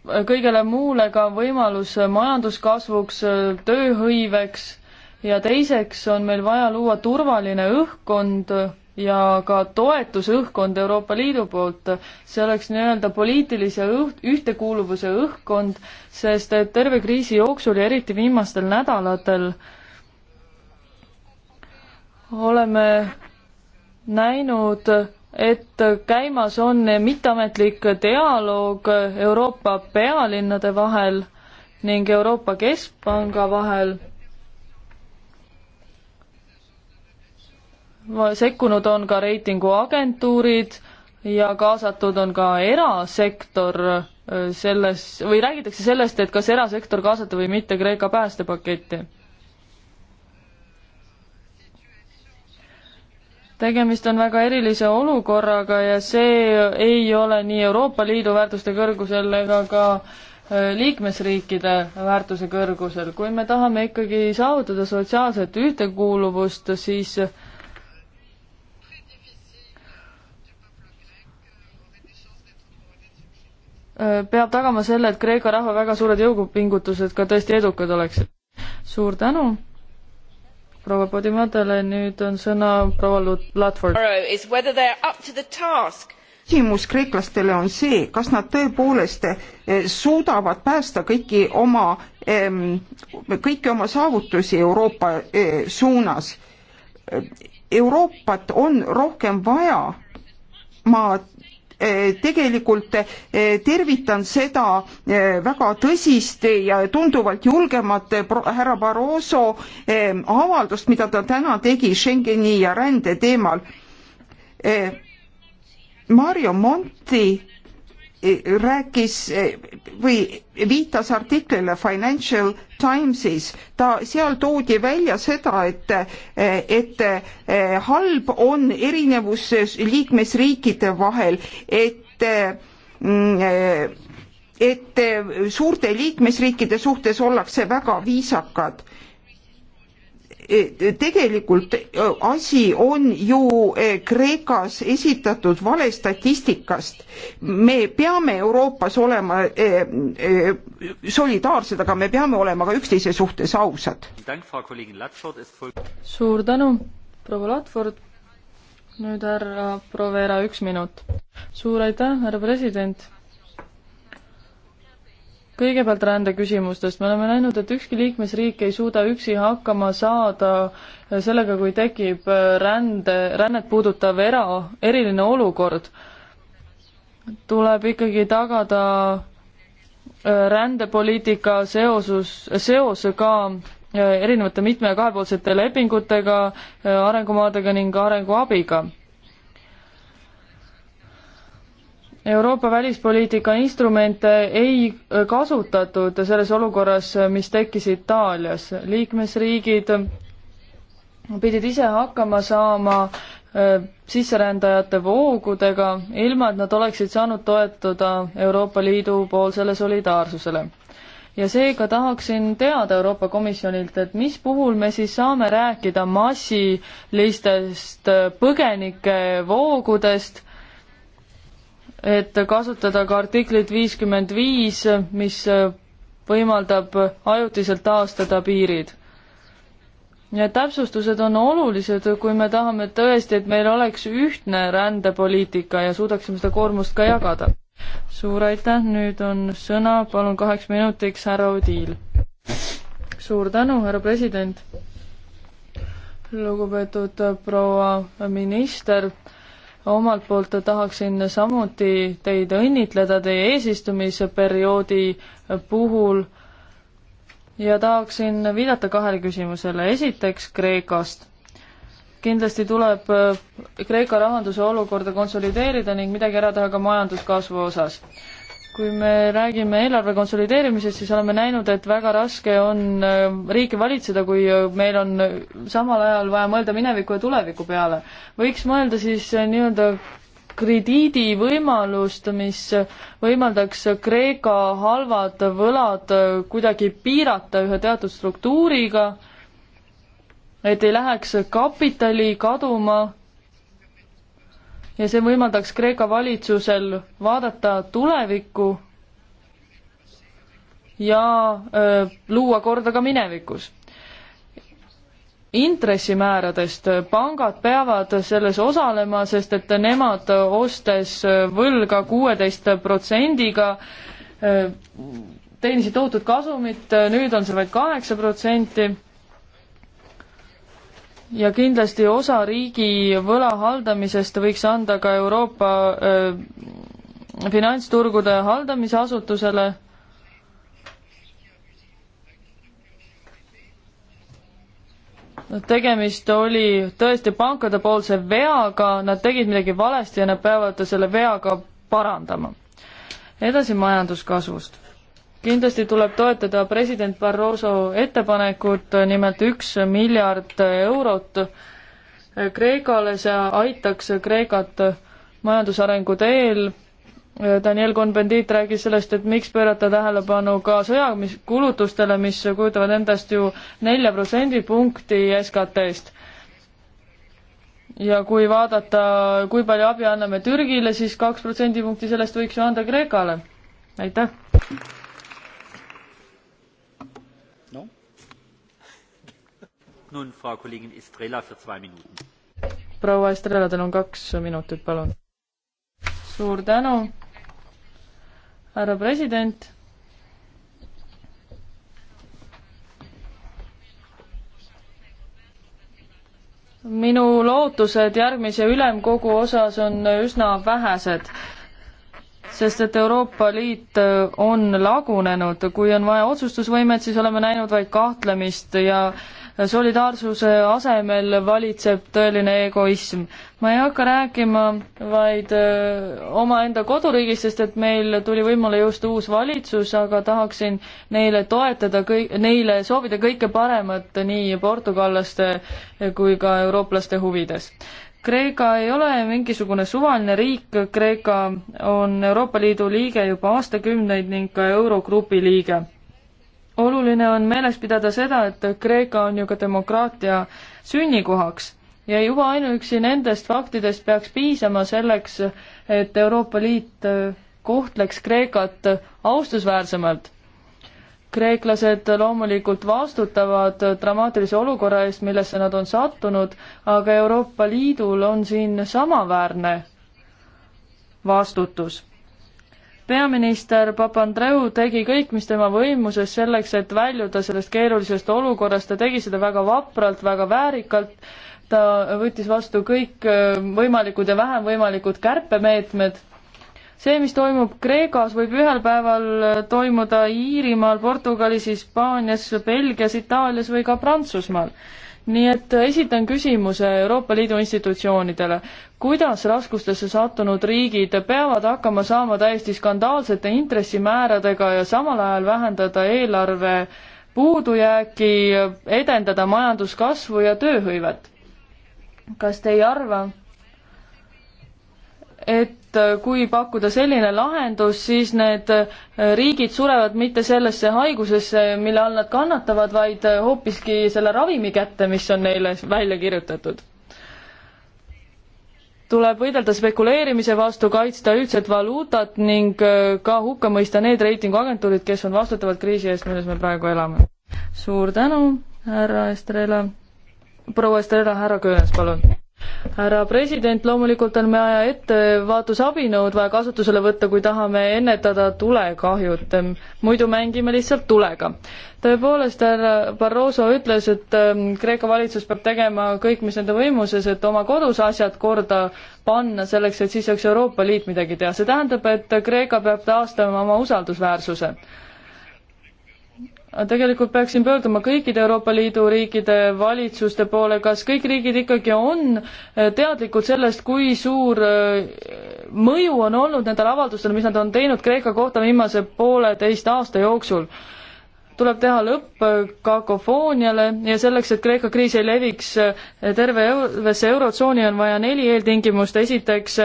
kõigele muule ka võimalus majanduskasvuks, tööhõiveks ja teiseks on meil vaja luua turvaline õhkkond ja ka toetusõhkkond Euroopa Liidu poolt. see oleks nii-öelda poliitilise õht-, ühtekuuluvuse õhkkond, sest et terve kriisi jooksul ja eriti viimastel nädalatel oleme näinud et käimas on mitteametlik dialoog Euroopa pealinnade vahel ning Euroopa Keskpanga vahel. sekkunud on ka reitinguagentuurid ja kaasatud on ka erasektor äh, selles või räägitakse sellest, et kas erasektor kaasata või mitte Kreeka päästepaketti tegemist on väga erilise olukorraga ja see ei ole nii Euroopa Liidu väärtuste kõrgusel ega ka äh, liikmesriikide väärtuse kõrgusel. kui me tahame ikkagi saavutada sotsiaalset ühtekuuluvust, siis äh, peab tagama selle, et Kreeka rahva väga suured jõupingutused ka tõesti edukad oleksid. suur tänu! proua Podimatale, nüüd on sõna proua Latford. küsimus kreeklastele on see, kas nad tõepoolest eh, suudavad päästa kõiki oma, ehm, kõiki oma saavutusi Euroopa eh, suunas. Euroopat on rohkem vaja ma Äh, tegelikult äh, tervitan seda äh, väga tõsist ja tunduvalt julgemat härra Barroso avaldust, mida ta täna tegi Schengeni ja rände teemal. Mario Monti Eh, rääkis eh, või viitas artiklile Financial Timesis, ta, seal toodi välja seda, et, eh, et halb on erinevus liikmesriikide vahel, et et suurte liikmesriikide suhtes ollakse väga viisakad Eh, tegelikult eh, asi on ju eh, Kreekas esitatud valestatistikast. me peame Euroopas olema solidaarsed, aga me peame olema ka üksteise suhtes ausad. suur tänu, proua Latford. nüüd härra Provera, üks minut. suur aitäh, härra president kõigepealt rändeküsimustest, me oleme näinud, et ükski liikmesriik ei suuda üksi hakkama saada sellega, kui tekib äh, rände, rännet puudutav era, eriline olukord. tuleb ikkagi tagada äh, rändepoliitika seosus, seos ka äh, erinevate mitme- ja kahepoolsete lepingutega, arengumaadega ning arenguabiga Euroopa välispoliitika instrumente ei kasutatud selles olukorras, mis tekkis Itaalias. liikmesriigid pidid ise hakkama saama äh, sisserändajate voogudega, ilma et nad oleksid saanud toetuda Euroopa Liidu poolsele solidaarsusele. ja seega tahaksin teada Euroopa Komisjonilt, et mis puhul me siis saame rääkida massilistest põgenike voogudest, et kasutada ka artiklit viiskümmend viis, mis võimaldab ajutiselt taastada piirid. ja täpsustused on olulised, kui me tahame tõesti, et meil oleks ühtne rändepoliitika ja suudaksime seda koormust ka jagada. suur aitäh, nüüd on sõna, palun kaheks minutiks, härra Odiil. suur tänu, härra president. lugupeetud proua minister omalt poolt tahaksin samuti teid õnnitleda teie eesistumisperioodi puhul ja tahaksin viidata kahele küsimusele. esiteks Kreekast. kindlasti tuleb äh, Kreeka rahanduse olukorda konsolideerida ning midagi ära teha ka majanduskasvu osas kui me räägime eelarve konsolideerimisest, siis oleme näinud, et väga raske on äh, riiki valitseda, kui äh, meil on äh, samal ajal vaja mõelda mineviku ja tuleviku peale. võiks mõelda siis nii-öelda krediidivõimalust, mis võimaldaks Kreeka halvad võlad kuidagi piirata ühe teatud struktuuriga, et ei läheks kapitali kaduma ja see võimaldaks Kreeka valitsusel vaadata tulevikku ja öö, luua korda ka minevikus. intressimääradest pangad peavad selles osalema, sest et nemad ostes võlga kuueteist protsendiga teenisid tohutut kasumit, nüüd on see vaid kaheksa protsenti ja kindlasti osa riigi võla haldamisest võiks anda ka Euroopa äh, finantsturgude haldamise asutusele. Noh, tegemist oli tõesti pankade poolse veaga, nad tegid midagi valesti ja nad peavad selle veaga parandama. edasi majanduskasvust kindlasti tuleb toetada president Barroso ettepanekut, nimelt üks miljard eurot Kreekale, see aitaks Kreekat majandusarengu teel. Daniel Cohn-Bendit rääkis sellest, et miks pöörata tähelepanu ka sõjakulutustele, mis kujutavad endast ju nelja protsendipunkti SKT-st ja kui vaadata, kui palju abi anname Türgile siis, siis kaks protsendipunkti sellest võiks ju anda Kreekale. aitäh! proua Estrela, teil on kaks minutit, palun. suur tänu, härra president. minu lootused järgmise ülemkogu osas on üsna vähesed sest et Euroopa Liit on lagunenud, kui on vaja otsustusvõimet, siis oleme näinud vaid kahtlemist ja solidaarsuse asemel valitseb tõeline egoism. ma ei hakka rääkima vaid äh, omaenda koduriigist, sest et meil tuli võimule just uus valitsus, aga tahaksin neile toetada kõik, neile soovida kõike paremat nii portugallaste äh, kui ka eurooplaste huvides. Kreeka ei ole mingisugune suvaline riik, Kreeka on Euroopa Liidu liige juba aastakümneid ning ka Eurogrupi liige oluline on meeles pidada seda, et Kreeka on ju ka demokraatia sünnikohaks ja juba ainuüksi nendest faktidest peaks piisama selleks, et Euroopa Liit kohtleks Kreekat austusväärsemalt. kreeklased loomulikult vastutavad dramaatilise olukorra eest, millesse nad on sattunud, aga Euroopa Liidul on siin samaväärne vastutus peaminister Papandreou tegi kõik, mis tema võimuses selleks, et väljuda sellest keerulisest olukorrast, ta tegi seda väga vapralt, väga väärikalt, ta võttis vastu kõik äh, võimalikud ja vähem võimalikud kärpemeetmed. see, mis toimub Kreekas, võib ühel päeval äh, toimuda Iirimaal, Portugalis, Hispaanias, Belgias, Itaalias või ka Prantsusmaal nii et esitan küsimuse Euroopa Liidu institutsioonidele. kuidas raskustesse sattunud riigid peavad hakkama saama täiesti skandaalsete intressimääradega ja samal ajal vähendada eelarve puudujääki, edendada majanduskasvu ja tööhõivet? kas te ei arva, et et äh, kui pakkuda selline lahendus, siis need äh, riigid surevad mitte sellesse haigusesse, mille all nad kannatavad, vaid äh, hoopiski selle ravimi kätte, mis on neile välja kirjutatud. tuleb võidelda spekuleerimise vastu, kaitsta ühtset valuutat ning ka hukka mõista need reitinguagentuurid, kes on vastutavad kriisi eest, milles me praegu elame. suur tänu, härra Estrela. proua Estrela, härra Köönes, palun härra president, loomulikult on meie aja ettevaatusabinõud vaja kasutusele võtta, kui tahame ennetada tulekahjut. muidu mängime lihtsalt tulega. tõepoolest, härra Barroso ütles, et ähm, Kreeka valitsus peab tegema kõik, mis nende võimuses, et oma kodus asjad korda panna, selleks et siis saaks Euroopa Liit midagi teha. see tähendab, et Kreeka peab taastama oma usaldusväärsuse tegelikult peaksin pöörduma kõikide Euroopa Liidu riikide valitsuste poole, kas kõik riigid ikkagi on äh, teadlikud sellest, kui suur äh, mõju on olnud nendel avaldustel, mis nad on teinud Kreeka kohta viimase pooleteist aasta jooksul? tuleb teha lõpp äh, kakofooniale ja selleks, et Kreeka kriis ei leviks tervesse eurotsooni, on vaja neli eeltingimust, esiteks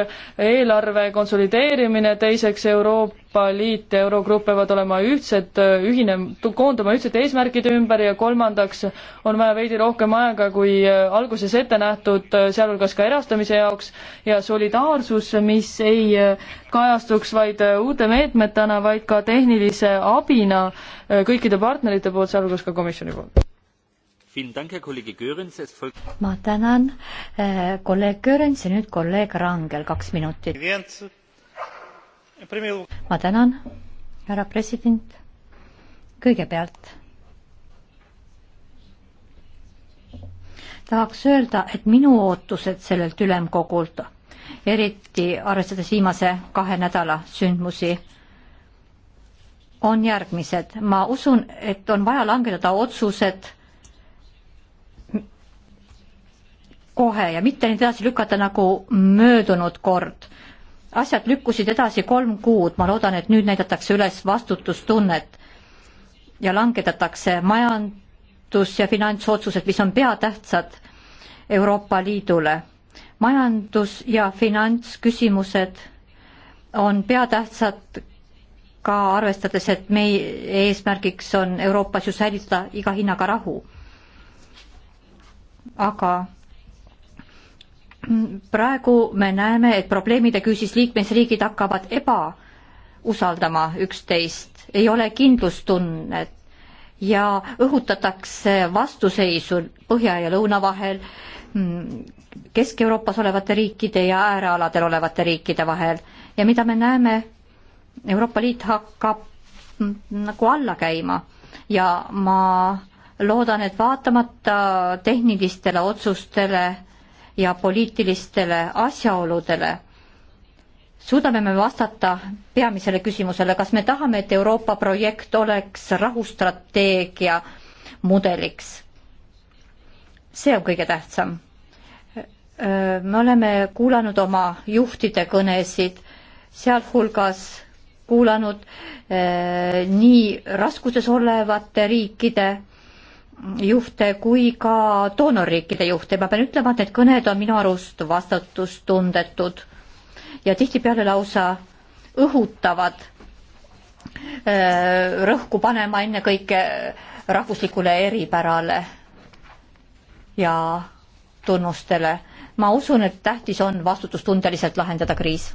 eelarve konsolideerimine, teiseks Euroopa Euroopa Liit ja Eurogrupp peavad olema ühtsed, ühine, koonduma ühtsete eesmärkide ümber ja kolmandaks on vaja veidi rohkem aega kui alguses ette nähtud, sealhulgas ka erastamise jaoks, ja solidaarsus, mis ei kajastuks vaid uute meetmetena, vaid ka tehnilise abina kõikide partnerite poolt, sealhulgas ka komisjoni poolt ma tänan eh, kolleeg Göransi, nüüd kolleeg Rangel, kaks minutit ma tänan, härra president. kõigepealt tahaks öelda, et minu ootused sellelt ülemkogult, eriti arvestades viimase kahe nädala sündmusi, on järgmised. ma usun, et on vaja langetada otsused kohe ja mitte neid edasi lükata nagu möödunud kord asjad lükkusid edasi kolm kuud, ma loodan, et nüüd näidatakse üles vastutustunnet ja langetatakse majandus- ja finantsotsused, mis on peatähtsad Euroopa Liidule. majandus- ja finantsküsimused on peatähtsad ka arvestades, et meie eesmärgiks on Euroopas ju säilitada iga hinnaga rahu. aga praegu me näeme, et probleemide küüsis liikmesriigid hakkavad ebausaldama üksteist, ei ole kindlustunnet ja õhutatakse vastuseisu põhja ja lõuna vahel, mm, Kesk-Euroopas olevate riikide ja äärealadel olevate riikide vahel ja mida me näeme, Euroopa Liit hakkab mm, nagu alla käima ja ma loodan, et vaatamata tehnilistele otsustele ja poliitilistele asjaoludele, suudame me vastata peamisele küsimusele, kas me tahame, et Euroopa projekt oleks rahustrateegia mudeliks. see on kõige tähtsam. me oleme kuulanud oma juhtide kõnesid, sealhulgas kuulanud eh, nii raskuses olevate riikide juhte kui ka doonorriikide juhte. ma pean ütlema, et need kõned on minu arust vastutustundetud ja tihtipeale lausa õhutavad äh, rõhku panema ennekõike rahvuslikule eripärale ja tunnustele. ma usun, et tähtis on vastutustundeliselt lahendada kriis.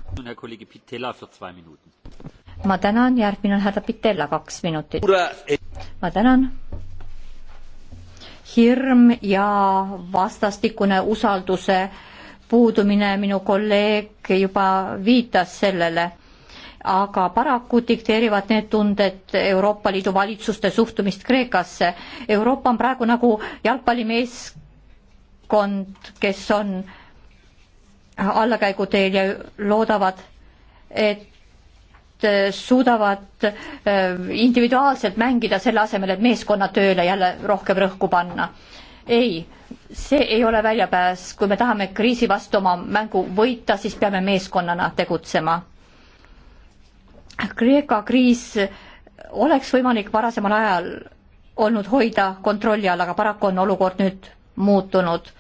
ma tänan, järgmine on härra Pitella, kaks minutit. ma tänan hirm ja vastastikune usalduse puudumine, minu kolleeg juba viitas sellele, aga paraku dikteerivad need tunded Euroopa Liidu valitsuste suhtumist Kreekasse. Euroopa on praegu nagu jalgpallimeeskond, kes on allakäiguteel ja loodavad, et Eh, suudavad eh, individuaalselt mängida selle asemel, et meeskonnatööle jälle rohkem rõhku panna. ei, see ei ole väljapääs, kui me tahame kriisi vastu oma mängu võita, siis peame meeskonnana tegutsema. Kreeka kriis oleks võimalik varasemal ajal olnud hoida kontrolli all, aga paraku on olukord nüüd muutunud.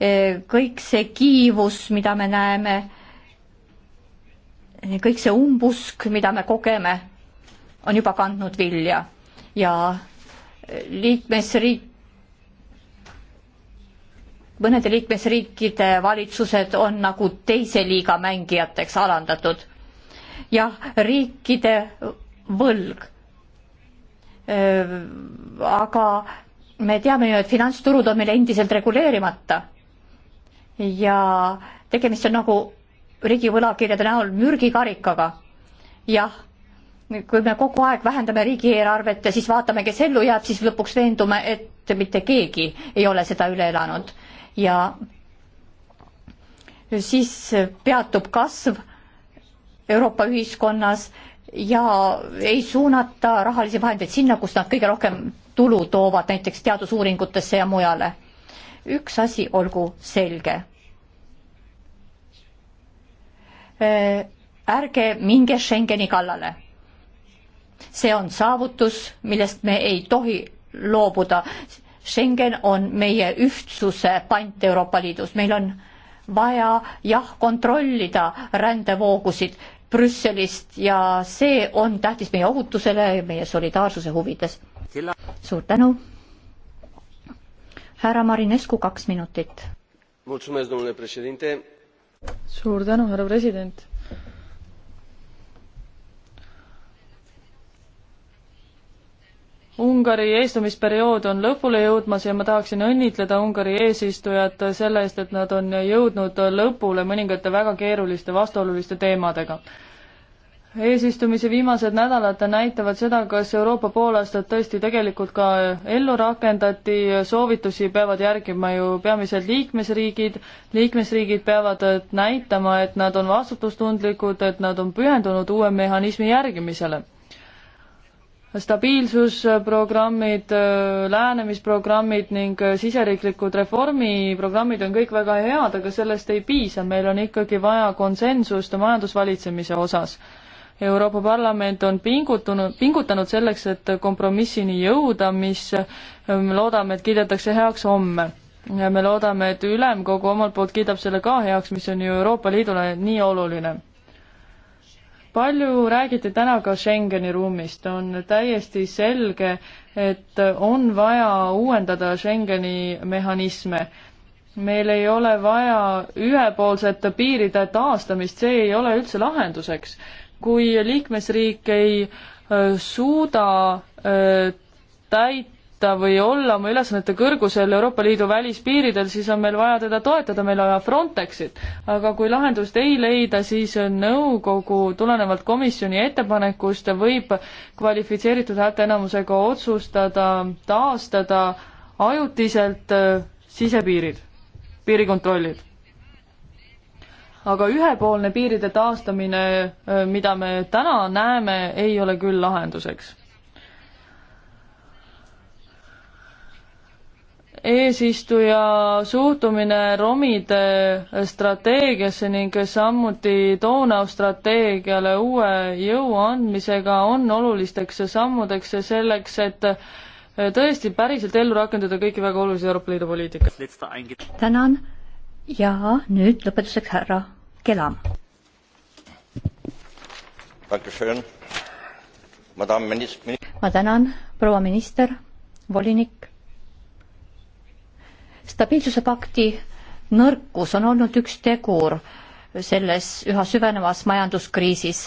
Eh, kõik see kiivus, mida me näeme kõik see umbusk, mida me kogeme, on juba kandnud vilja ja liikmesriik, mõnede liikmesriikide valitsused on nagu teise liiga mängijateks alandatud. jah, riikide võlg. aga me teame ju, et finantsturud on meil endiselt reguleerimata. ja tegemist on nagu riigivõlakirjade näol mürgikarikaga. jah, kui me kogu aeg vähendame riigieelarvet ja siis vaatame, kes ellu jääb, siis lõpuks veendume, et mitte keegi ei ole seda üle elanud ja siis peatub kasv Euroopa ühiskonnas ja ei suunata rahalisi vahendeid sinna, kus nad kõige rohkem tulu toovad, näiteks teadusuuringutesse ja mujale. üks asi olgu selge ärge minge Schengeni kallale. see on saavutus, millest me ei tohi loobuda. Schengen on meie ühtsuse pant Euroopa Liidus, meil on vaja jah, kontrollida rändevoogusid Brüsselist ja see on tähtis meie ohutusele ja meie solidaarsuse huvides. suur tänu. härra Marinescu, kaks minutit. mulțumesc, domnule președinte suur tänu, härra president. Ungari eestumisperiood on lõpule jõudmas ja ma tahaksin õnnitleda Ungari eesistujat selle eest, et nad on jõudnud lõpule mõningate väga keeruliste vastuoluliste teemadega eesistumise viimased nädalad näitavad seda, kas Euroopa poolaastat tõesti tegelikult ka ellu rakendati, soovitusi peavad järgima ju peamiselt liikmesriigid, liikmesriigid peavad näitama, et nad on vastutustundlikud, et nad on pühendunud uue mehhanismi järgimisele. stabiilsusprogrammid, läänemisprogrammid ning siseriiklikud reformiprogrammid on kõik väga head, aga sellest ei piisa, meil on ikkagi vaja konsensust majandusvalitsemise osas Euroopa Parlament on pingutunud, pingutanud selleks, et kompromissini jõuda, mis ähm, loodame, et kiidetakse heaks homme. ja me loodame, et Ülemkogu omalt poolt kiidab selle ka heaks, mis on ju Euroopa Liidule nii oluline palju räägiti täna ka Schengeni ruumist, on täiesti selge, et on vaja uuendada Schengeni mehhanisme. meil ei ole vaja ühepoolsete piiride taastamist, see ei ole üldse lahenduseks kui liikmesriik ei suuda täita või olla oma ülesannete kõrgusel Euroopa Liidu välispiiridel, siis on meil vaja teda toetada, meil on vaja Frontexit. aga kui lahendust ei leida, siis nõukogu tulenevalt komisjoni ettepanekust võib kvalifitseeritud häälteenamusega otsustada taastada ajutiselt sisepiirid, piirikontrollid aga ühepoolne piiride taastamine, mida me täna näeme, ei ole küll lahenduseks eesistuja suhtumine romide strateegiasse ning samuti Donau strateegiale uue jõu andmisega on olulisteks sammudeks selleks, et tõesti päriselt ellu rakendada kõiki väga olulisi Euroopa Liidu poliitikaid. tänan ja nüüd lõpetuseks härra Kelam. ma tänan, proua minister, volinik. stabiilsuse pakti nõrkus on olnud üks tegur selles üha süvenevas majanduskriisis,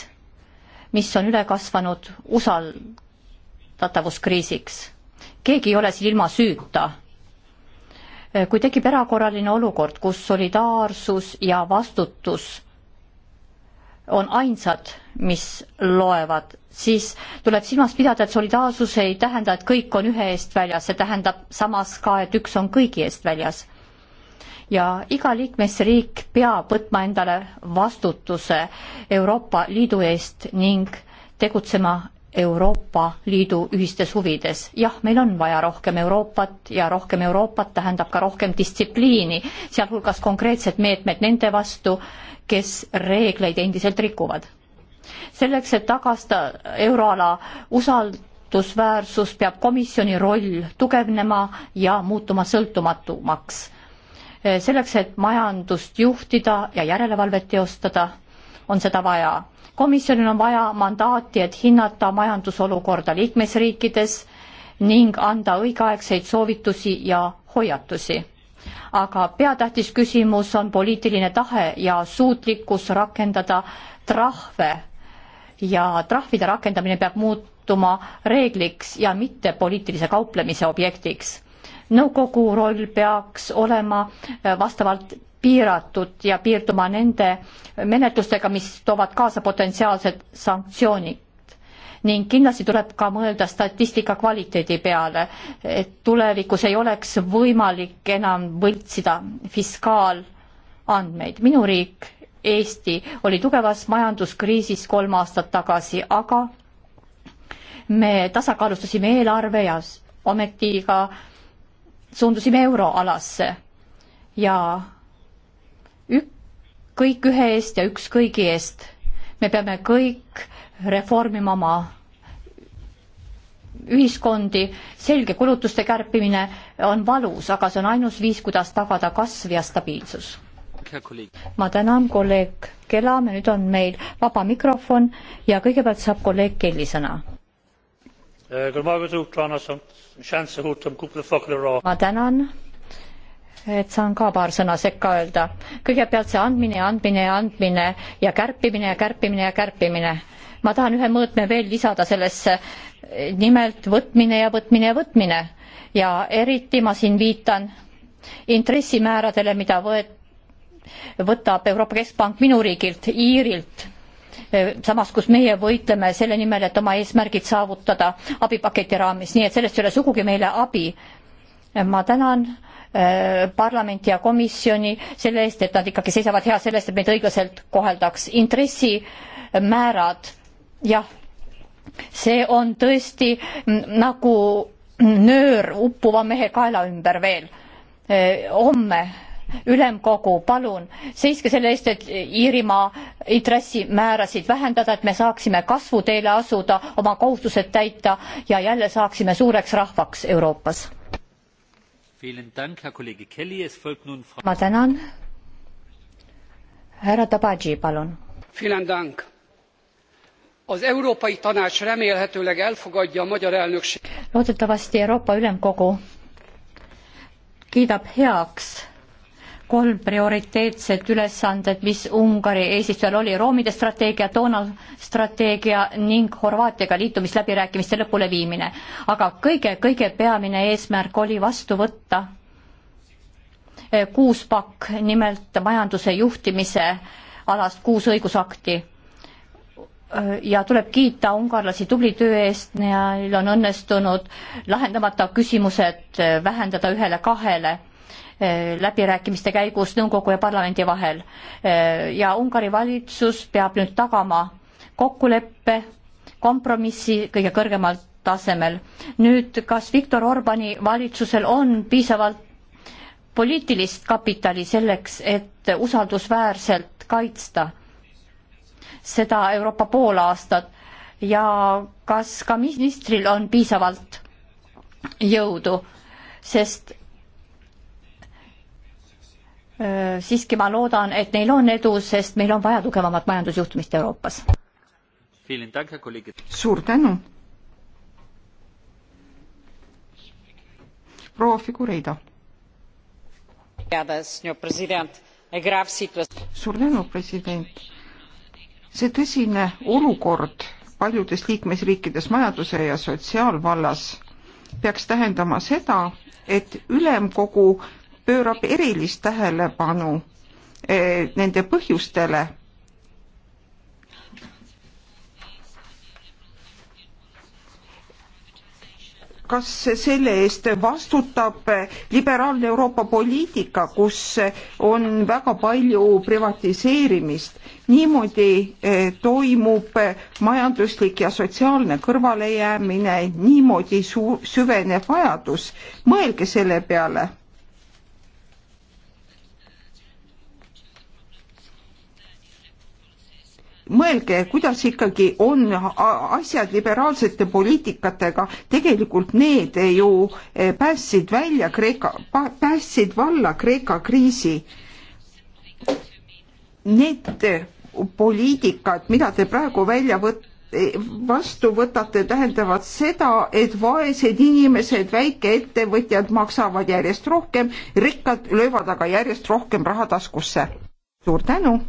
mis on üle kasvanud usaldatavuskriisiks. keegi ei ole siin ilma süüta Eh, kui tekib erakorraline olukord, kus solidaarsus ja vastutus on ainsad, mis loevad, siis tuleb silmas pidada, et solidaarsus ei tähenda, et kõik on ühe eest väljas, see tähendab samas ka, et üks on kõigi eest väljas. ja iga liikmesriik peab võtma endale vastutuse Euroopa Liidu eest ning tegutsema Euroopa Liidu ühistes huvides. jah, meil on vaja rohkem Euroopat ja rohkem Euroopat tähendab ka rohkem distsipliini, sealhulgas konkreetsed meetmed nende vastu, kes reegleid endiselt rikuvad. selleks, et tagasta euroala usaldusväärsus, peab komisjoni roll tugevnema ja muutuma sõltumatumaks. selleks, et majandust juhtida ja järelevalvet teostada, on seda vaja komisjonil on vaja mandaati, et hinnata majandusolukorda liikmesriikides ning anda õigeaegseid soovitusi ja hoiatusi. aga peatähtis küsimus on poliitiline tahe ja suutlikkus rakendada trahve ja trahvide rakendamine peab muutuma reegliks ja mitte poliitilise kauplemise objektiks nõukogu roll peaks olema vastavalt piiratud ja piirduma nende menetlustega, mis toovad kaasa potentsiaalsed sanktsioonid ning kindlasti tuleb ka mõelda statistika kvaliteedi peale, et tulevikus ei oleks võimalik enam võltsida fiskaalandmeid. minu riik, Eesti, oli tugevas majanduskriisis kolm aastat tagasi, aga me tasakaalustasime eelarve ja ometi ka suundusime euroalasse ja kõik ühe eest ja üks kõigi eest. me peame kõik reformima oma ühiskondi, selge, kulutuste kärpimine on valus, aga see on ainus viis, kuidas tagada kasv ja stabiilsus. ma tänan kolleeg Kela, nüüd on meil vaba mikrofon ja kõigepealt saab kolleeg Kelly sõna eh, er ma tänan et saan ka paar sõna sekka öelda. kõigepealt see andmine ja andmine ja andmine ja kärpimine ja kärpimine ja kärpimine. ma tahan ühe mõõtme veel lisada sellesse, nimelt võtmine ja võtmine ja võtmine. ja eriti ma siin viitan intressimääradele, mida võet-, võtab Euroopa Keskpank minu riigilt, Iirilt samas kus meie võitleme selle nimel, et oma eesmärgid saavutada abipaketi raames, nii et sellest ei ole sugugi meile abi. ma tänan Äh, parlamenti ja komisjoni selle eest, et nad ikkagi seisavad hea selle eest, et meid õiglaselt koheldaks. intressimäärad, jah, see on tõesti mm, nagu nöör uppuva mehe kaela ümber veel. Äh, homme ülemkogu, palun seiske selle eest, et Iirimaa intressimäärasid vähendada, et me saaksime kasvuteele asuda, oma kohustused täita ja jälle saaksime suureks rahvaks Euroopas ma tänan. härra Tabadži, palun. loodetavasti Euroopa Ülemkogu kiidab heaks kolm prioriteetset ülesandet, mis Ungari eesistujal oli, Roomide strateegia, Donau strateegia ning Horvaatiaga liitumisläbirääkimiste lõpuleviimine. aga kõige, kõige peamine eesmärk oli vastu võtta eh, kuus pakk, nimelt majanduse juhtimise alast kuus õigusakti. Eh, ja tuleb kiita ungarlasi tubli töö eest, neil on õnnestunud lahendamata küsimused eh, vähendada ühele-kahele Eh, läbirääkimiste käigus nõukogu ja parlamendi vahel. Eh, ja Ungari valitsus peab nüüd tagama kokkuleppe, kompromissi kõige kõrgemal tasemel. nüüd, kas Viktor Orbani valitsusel on piisavalt poliitilist kapitali selleks, et usaldusväärselt kaitsta seda Euroopa poolaastat ja kas ka ministril on piisavalt jõudu, sest Äh, siiski ma loodan, et neil on edu, sest meil on vaja tugevamat majandusjuhtimist Euroopas. suur tänu. proua Figureido. suur tänu, president. see tõsine olukord paljudes liikmesriikides majanduse ja sotsiaalvallas peaks tähendama seda, et ülemkogu pöörab erilist tähelepanu eh, nende põhjustele. kas selle eest vastutab liberaalne Euroopa poliitika, kus on väga palju privatiseerimist, niimoodi eh, toimub majanduslik ja sotsiaalne kõrvalejäämine, niimoodi süveneb vajadus. mõelge selle peale mõelge, kuidas ikkagi on asjad liberaalsete poliitikatega, tegelikult need ju eh, päästsid välja Kreeka, päästsid valla Kreeka kriisi. Need eh, poliitikad, mida te praegu välja võt-, eh, vastu võtate, tähendavad seda, et vaesed inimesed, väikeettevõtjad maksavad järjest rohkem, rikkad löövad aga järjest rohkem raha taskusse. suur tänu!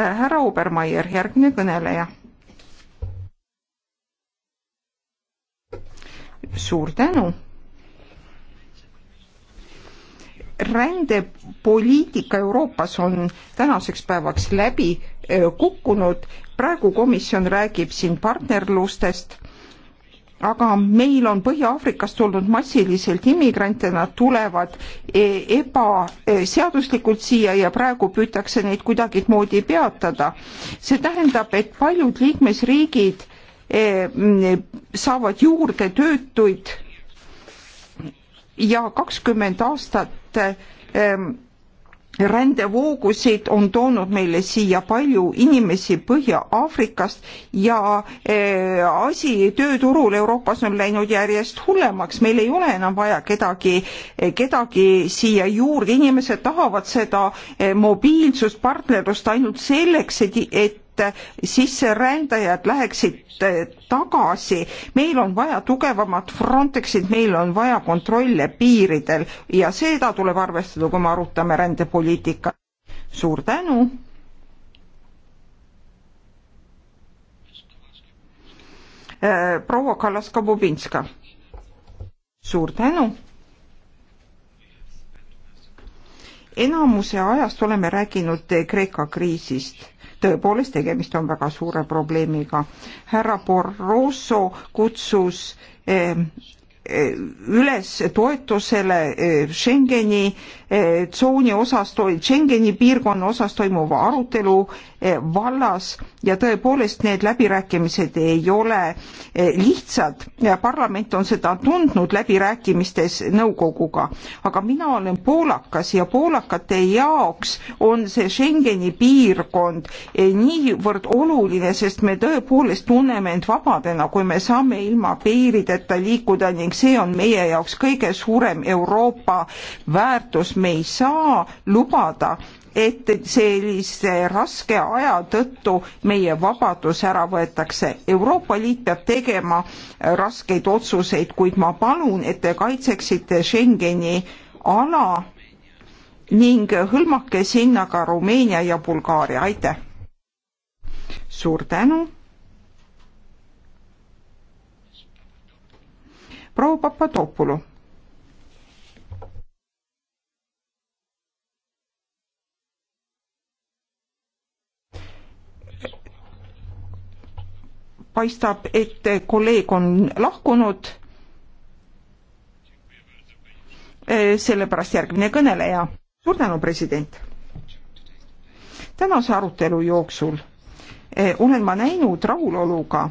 Äh, härra Obermeier, järgmine kõneleja. suur tänu rändepoliitika Euroopas on tänaseks päevaks läbi äh, kukkunud, praegu komisjon räägib siin partnerlustest aga meil on Põhja-Aafrikast tulnud massiliselt immigrante, nad tulevad e, ebaseaduslikult siia ja praegu püütakse neid kuidagimoodi peatada. see tähendab, et paljud liikmesriigid e, saavad juurde töötuid ja kakskümmend aastat e, rändevoogusid on toonud meile siia palju inimesi Põhja-Aafrikast ja eh, asi tööturul Euroopas on läinud järjest hullemaks, meil ei ole enam vaja kedagi, eh, kedagi siia juurde, inimesed tahavad seda eh, mobiilsust, partnerlust ainult selleks, et, et et sisserändajad läheksid eh, tagasi. meil on vaja tugevamat Frontexit, meil on vaja kontrolle piiridel ja seda tuleb arvestada, kui me arutame rändepoliitikat. suur tänu. Eh, proua Kallas-Kabubinska. suur tänu enamuse ajast oleme rääkinud Kreeka kriisist tõepoolest tegemist on väga suure probleemiga. härra Borroso kutsus eh, eh, üles toetusele eh, Schengeni Eh, tsooni osas, Schengeni piirkonna osas toimuva arutelu eh, vallas ja tõepoolest need läbirääkimised ei ole eh, lihtsad. parlament on seda tundnud läbirääkimistes nõukoguga, aga mina olen poolakas ja poolakate jaoks on see Schengeni piirkond niivõrd oluline, sest me tõepoolest tunneme end vabadena, kui me saame ilma piirideta liikuda ning see on meie jaoks kõige suurem Euroopa väärtus, me ei saa lubada, et sellise raske aja tõttu meie vabadus ära võetakse. Euroopa Liit peab tegema raskeid otsuseid, kuid ma palun, et te kaitseksite Schengeni ala ning hõlmake sinna ka Rumeenia ja Bulgaaria, aitäh! suur tänu! proua Papadopulu paistab, et kolleeg on lahkunud. sellepärast järgmine kõneleja. suur tänu, president. tänase arutelu jooksul eh, olen ma näinud rahuloluga,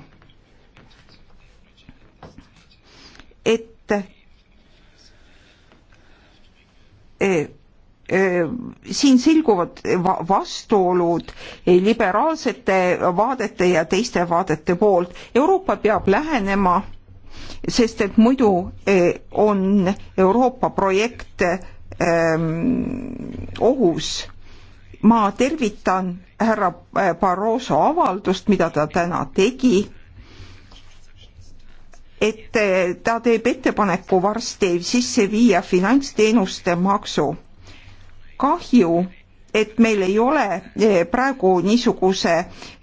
et siin selguvad vastuolud liberaalsete vaadete ja teiste vaadete poolt. Euroopa peab lähenema, sest et muidu eh, on Euroopa projekt ehm, ohus. ma tervitan härra eh, Barroso avaldust, mida ta täna tegi et eh, ta teeb ettepaneku varsti sisse viia finantsteenuste maksu kahju, et meil ei ole eh, praegu niisuguse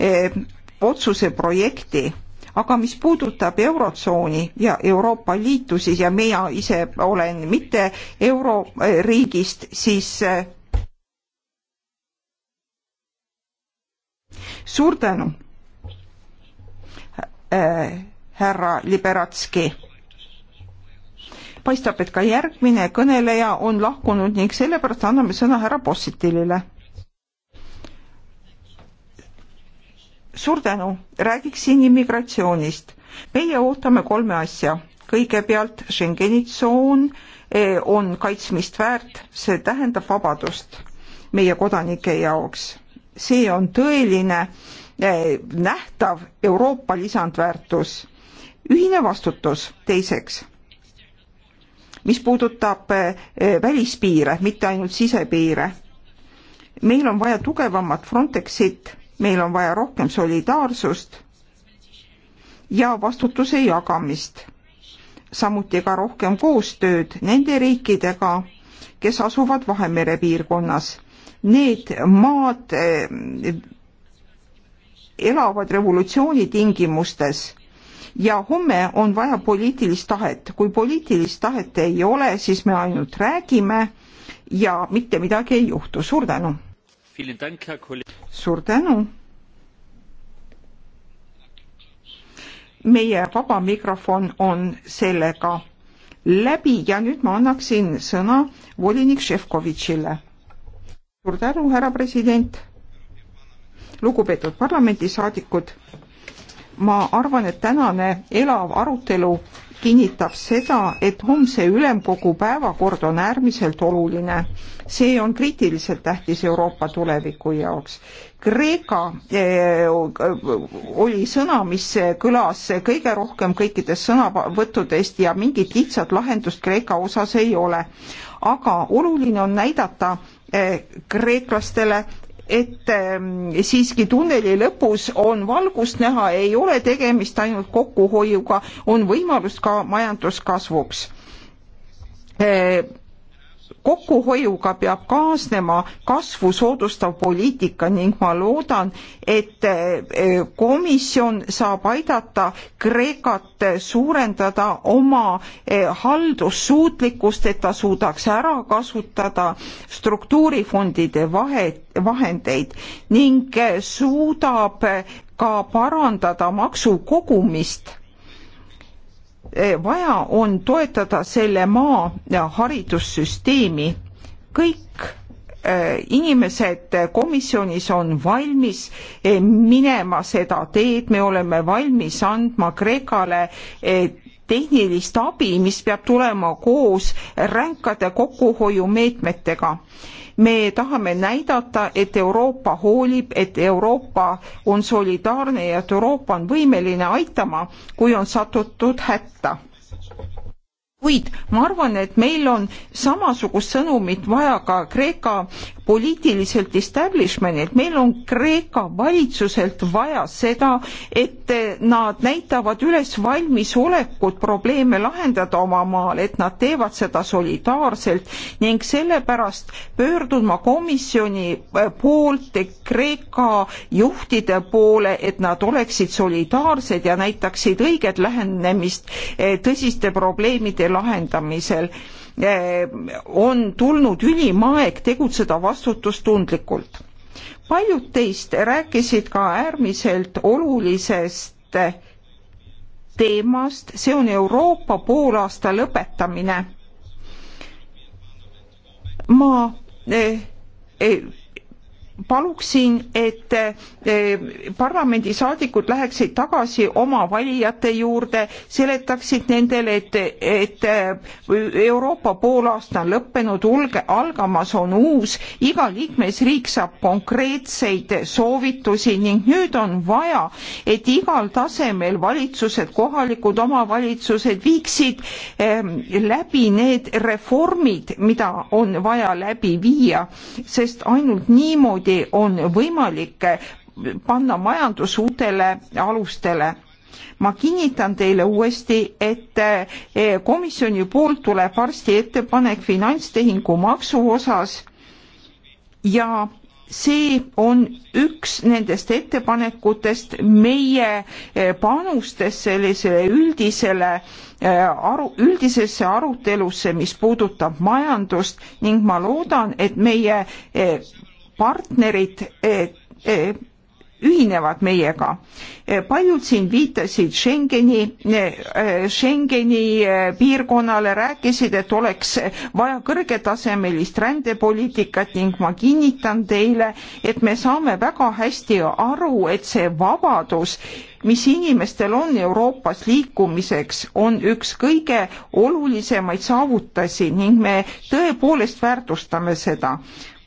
eh, otsuse projekti, aga mis puudutab Eurotsooni ja Euroopa Liitu, siis ja mina ise olen mitte euroriigist, siis eh, suur tänu äh,, härra Liberatski paistab, et ka järgmine kõneleja on lahkunud ning sellepärast anname sõna härra Possitilile. suur tänu, räägiksin immigratsioonist. meie ootame kolme asja, kõigepealt Schengeni tsoon e, on kaitsmist väärt, see tähendab vabadust meie kodanike jaoks. see on tõeline e, nähtav Euroopa lisandväärtus. ühine vastutus teiseks mis puudutab eh, välispiire, mitte ainult sisepiire. meil on vaja tugevamat Frontexit, meil on vaja rohkem solidaarsust ja vastutuse jagamist, samuti ka rohkem koostööd nende riikidega, kes asuvad Vahemere piirkonnas. Need maad eh, elavad revolutsiooni tingimustes ja homme on vaja poliitilist tahet. kui poliitilist tahet ei ole, siis me ainult räägime ja mitte midagi ei juhtu. suur tänu! suur tänu! meie vaba mikrofon on sellega läbi ja nüüd ma annaksin sõna volinik Šefkovitšile. suur tänu, härra president! lugupeetud parlamendisaadikud! ma arvan, et tänane elav arutelu kinnitab seda, et homse ülemkogu päevakord on äärmiselt oluline. see on kriitiliselt tähtis Euroopa tuleviku jaoks. Kreeka eh, oli sõna, mis kõlas kõige rohkem kõikidest sõnavõttudest ja mingit lihtsat lahendust Kreeka osas ei ole. aga oluline on näidata eh, kreeklastele et ähm, siiski tunneli lõpus on valgust näha, ei ole tegemist ainult kokkuhoiuga, on võimalust ka majanduskasvuks äh, kokkuhoiuga peab kaasnema kasvu soodustav poliitika ning ma loodan, et eh, komisjon saab aidata Kreekat suurendada oma eh, haldussuutlikkust, et ta suudaks ära kasutada struktuurifondide vahe, vahendeid ning eh, suudab ka parandada maksukogumist Eh, vaja on toetada selle maa haridussüsteemi. kõik eh, inimesed komisjonis on valmis eh, minema seda teed, me oleme valmis andma Kreekale tehnilist abi, mis peab tulema koos ränkade kokkuhoiumeetmetega me tahame näidata, et Euroopa hoolib, et Euroopa on solidaarne ja et Euroopa on võimeline aitama, kui on satutud hätta kuid ma arvan, et meil on samasugust sõnumit vaja ka Kreeka poliitiliselt establishment'ilt, meil on Kreeka valitsuselt vaja seda, et nad näitavad üles valmisolekut probleeme lahendada oma maal, et nad teevad seda solidaarselt ning sellepärast pöördun ma komisjoni äh, poolt Kreeka juhtide poole, et nad oleksid solidaarsed ja näitaksid õiget lähenemist äh, tõsiste probleemide lahendamisel Eh, on tulnud ülim aeg tegutseda vastutustundlikult. paljud teist rääkisid ka äärmiselt olulisest teemast, see on Euroopa poolaasta lõpetamine. ma eh, eh, paluksin, et eh, parlamendisaadikud läheksid tagasi oma valijate juurde, seletaksid nendele, et, et eh, Euroopa poolaasta on lõppenud, hulge algamas on uus, iga liikmesriik saab konkreetseid soovitusi ning nüüd on vaja, et igal tasemel valitsused, kohalikud omavalitsused viiksid eh, läbi need reformid, mida on vaja läbi viia, sest ainult niimoodi niimoodi on võimalik panna majandus uutele alustele ma kinnitan teile uuesti, et eh, komisjoni poolt tuleb varsti ettepanek finantstehingu maksu osas ja see on üks nendest ettepanekutest meie eh, panustes sellisele üldisele eh, aru, üldisesse arutelusse, mis puudutab majandust ning ma loodan, et meie partnerid eh, eh, ühinevad meiega. Eh, paljud siin viitasid Schengeni, Schengeni piirkonnale, rääkisid, et oleks vaja kõrgetasemelist rändepoliitikat ning ma kinnitan teile, et me saame väga hästi aru, et see vabadus mis inimestel on Euroopas liikumiseks, on üks kõige olulisemaid saavutasi ning me tõepoolest väärtustame seda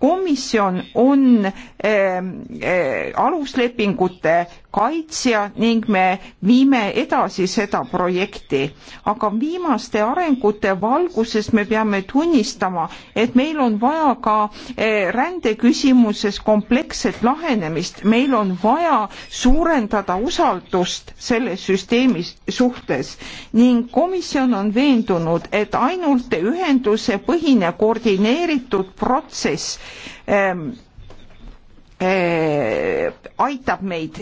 komisjon on äh, äh, aluslepingute kaitsja ning me viime edasi seda projekti. aga viimaste arengute valguses me peame tunnistama, et meil on vaja ka eh, rändeküsimuses kompleksset lahenemist, meil on vaja suurendada usaldust selle süsteemi suhtes ning komisjon on veendunud, et ainult ühenduse põhine koordineeritud protsess ähm, Äh, aitab meid.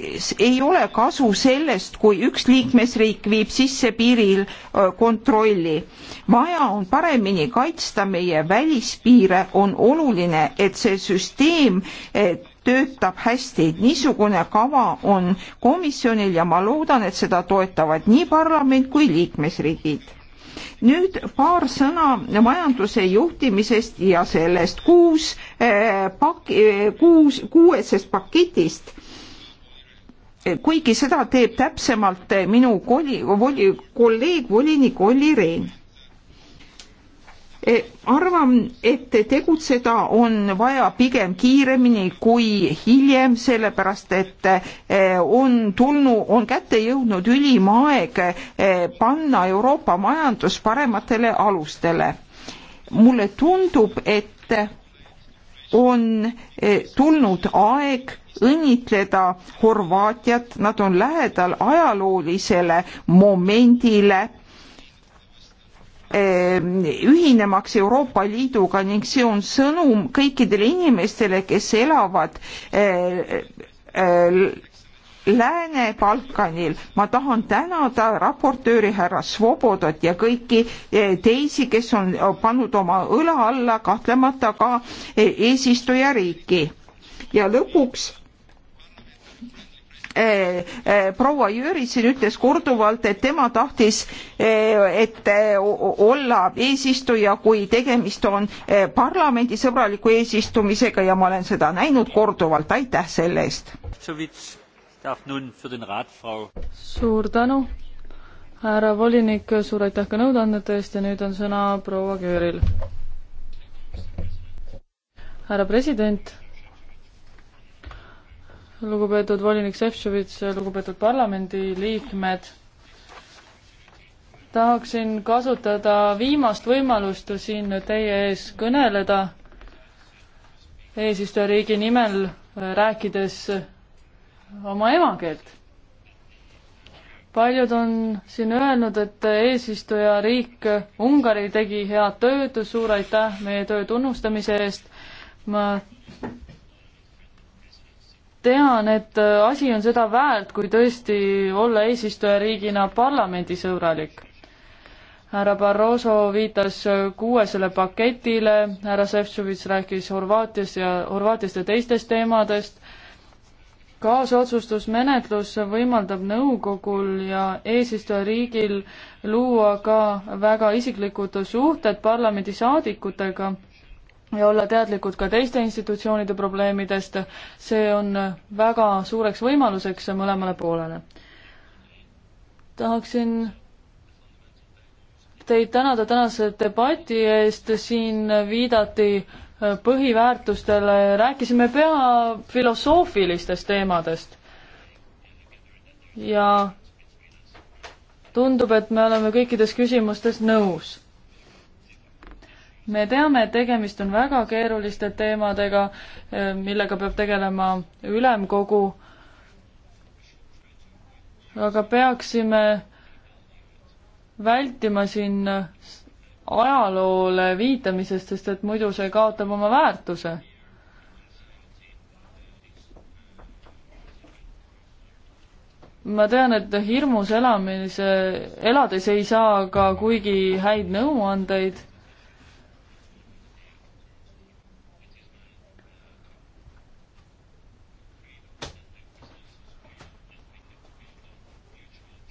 ei ole kasu sellest, kui üks liikmesriik viib sisse piiril äh, kontrolli. vaja on paremini kaitsta meie välispiire, on oluline, et see süsteem äh, töötab hästi. niisugune kava on komisjonil ja ma loodan, et seda toetavad nii parlament kui liikmesriigid nüüd paar sõna majanduse juhtimisest ja sellest kuus eh, pak-, eh, kuus, kuuesest paketist. kuigi seda teeb täpsemalt minu koli-, voli-, kolleeg volinik Olli Rehn Eh, arvan, et tegutseda on vaja pigem kiiremini kui hiljem, sellepärast et eh, on tulnud, on kätte jõudnud ülim aeg eh, panna Euroopa majandus parematele alustele. mulle tundub, et on tulnud aeg õnnitleda Horvaatiat, nad on lähedal ajaloolisele momendile Ehm, ühinemaks Euroopa Liiduga ning see on sõnum kõikidele inimestele, kes elavad eh, eh, Lääne-Balkanil ma tahan tänada raportööri härra Svobodat ja kõiki eh, teisi, kes on pannud oma õla alla kahtlemata ka eesistujariiki. ja lõpuks Eh, eh, proua Jüri siin ütles korduvalt, et tema tahtis, eh, et olla eesistuja, kui tegemist on parlamendisõbraliku eesistumisega ja ma olen seda näinud korduvalt, aitäh selle eest. suur tänu, härra volinik, suur aitäh ka nõudeandmete eest ja nüüd on sõna proua Kööril. härra president lugupeetud volinik Šefčovitš, lugupeetud parlamendiliikmed. tahaksin kasutada viimast võimalust siin teie ees kõneleda eesistujariigi nimel, rääkides oma emakeelt. paljud on siin öelnud, et eesistujariik Ungari tegi head tööd, suur aitäh meie töö tunnustamise eest. ma tean, et äh, asi on seda väärt, kui tõesti olla eesistujariigina parlamendisõbralik. härra Barroso viitas äh, kuuesele paketile, härra Šefčovitš rääkis Horvaatiast ja Horvaatiast ja teistest teemadest. kaasotsustusmenetlus võimaldab nõukogul ja eesistujariigil luua ka väga isiklikud suhted parlamendisaadikutega ja olla teadlikud ka teiste institutsioonide probleemidest, see on väga suureks võimaluseks mõlemale poolele. tahaksin teid tänada tänase debati eest, siin viidati põhiväärtustele, rääkisime pea filosoofilistest teemadest. ja tundub, et me oleme kõikides küsimustes nõus me teame, et tegemist on väga keeruliste teemadega, eh, millega peab tegelema ülemkogu, aga peaksime vältima siin ajaloole viitamisest, sest et muidu see kaotab oma väärtuse ma tean, et hirmus elamise, elades ei saa ka kuigi häid nõuandeid.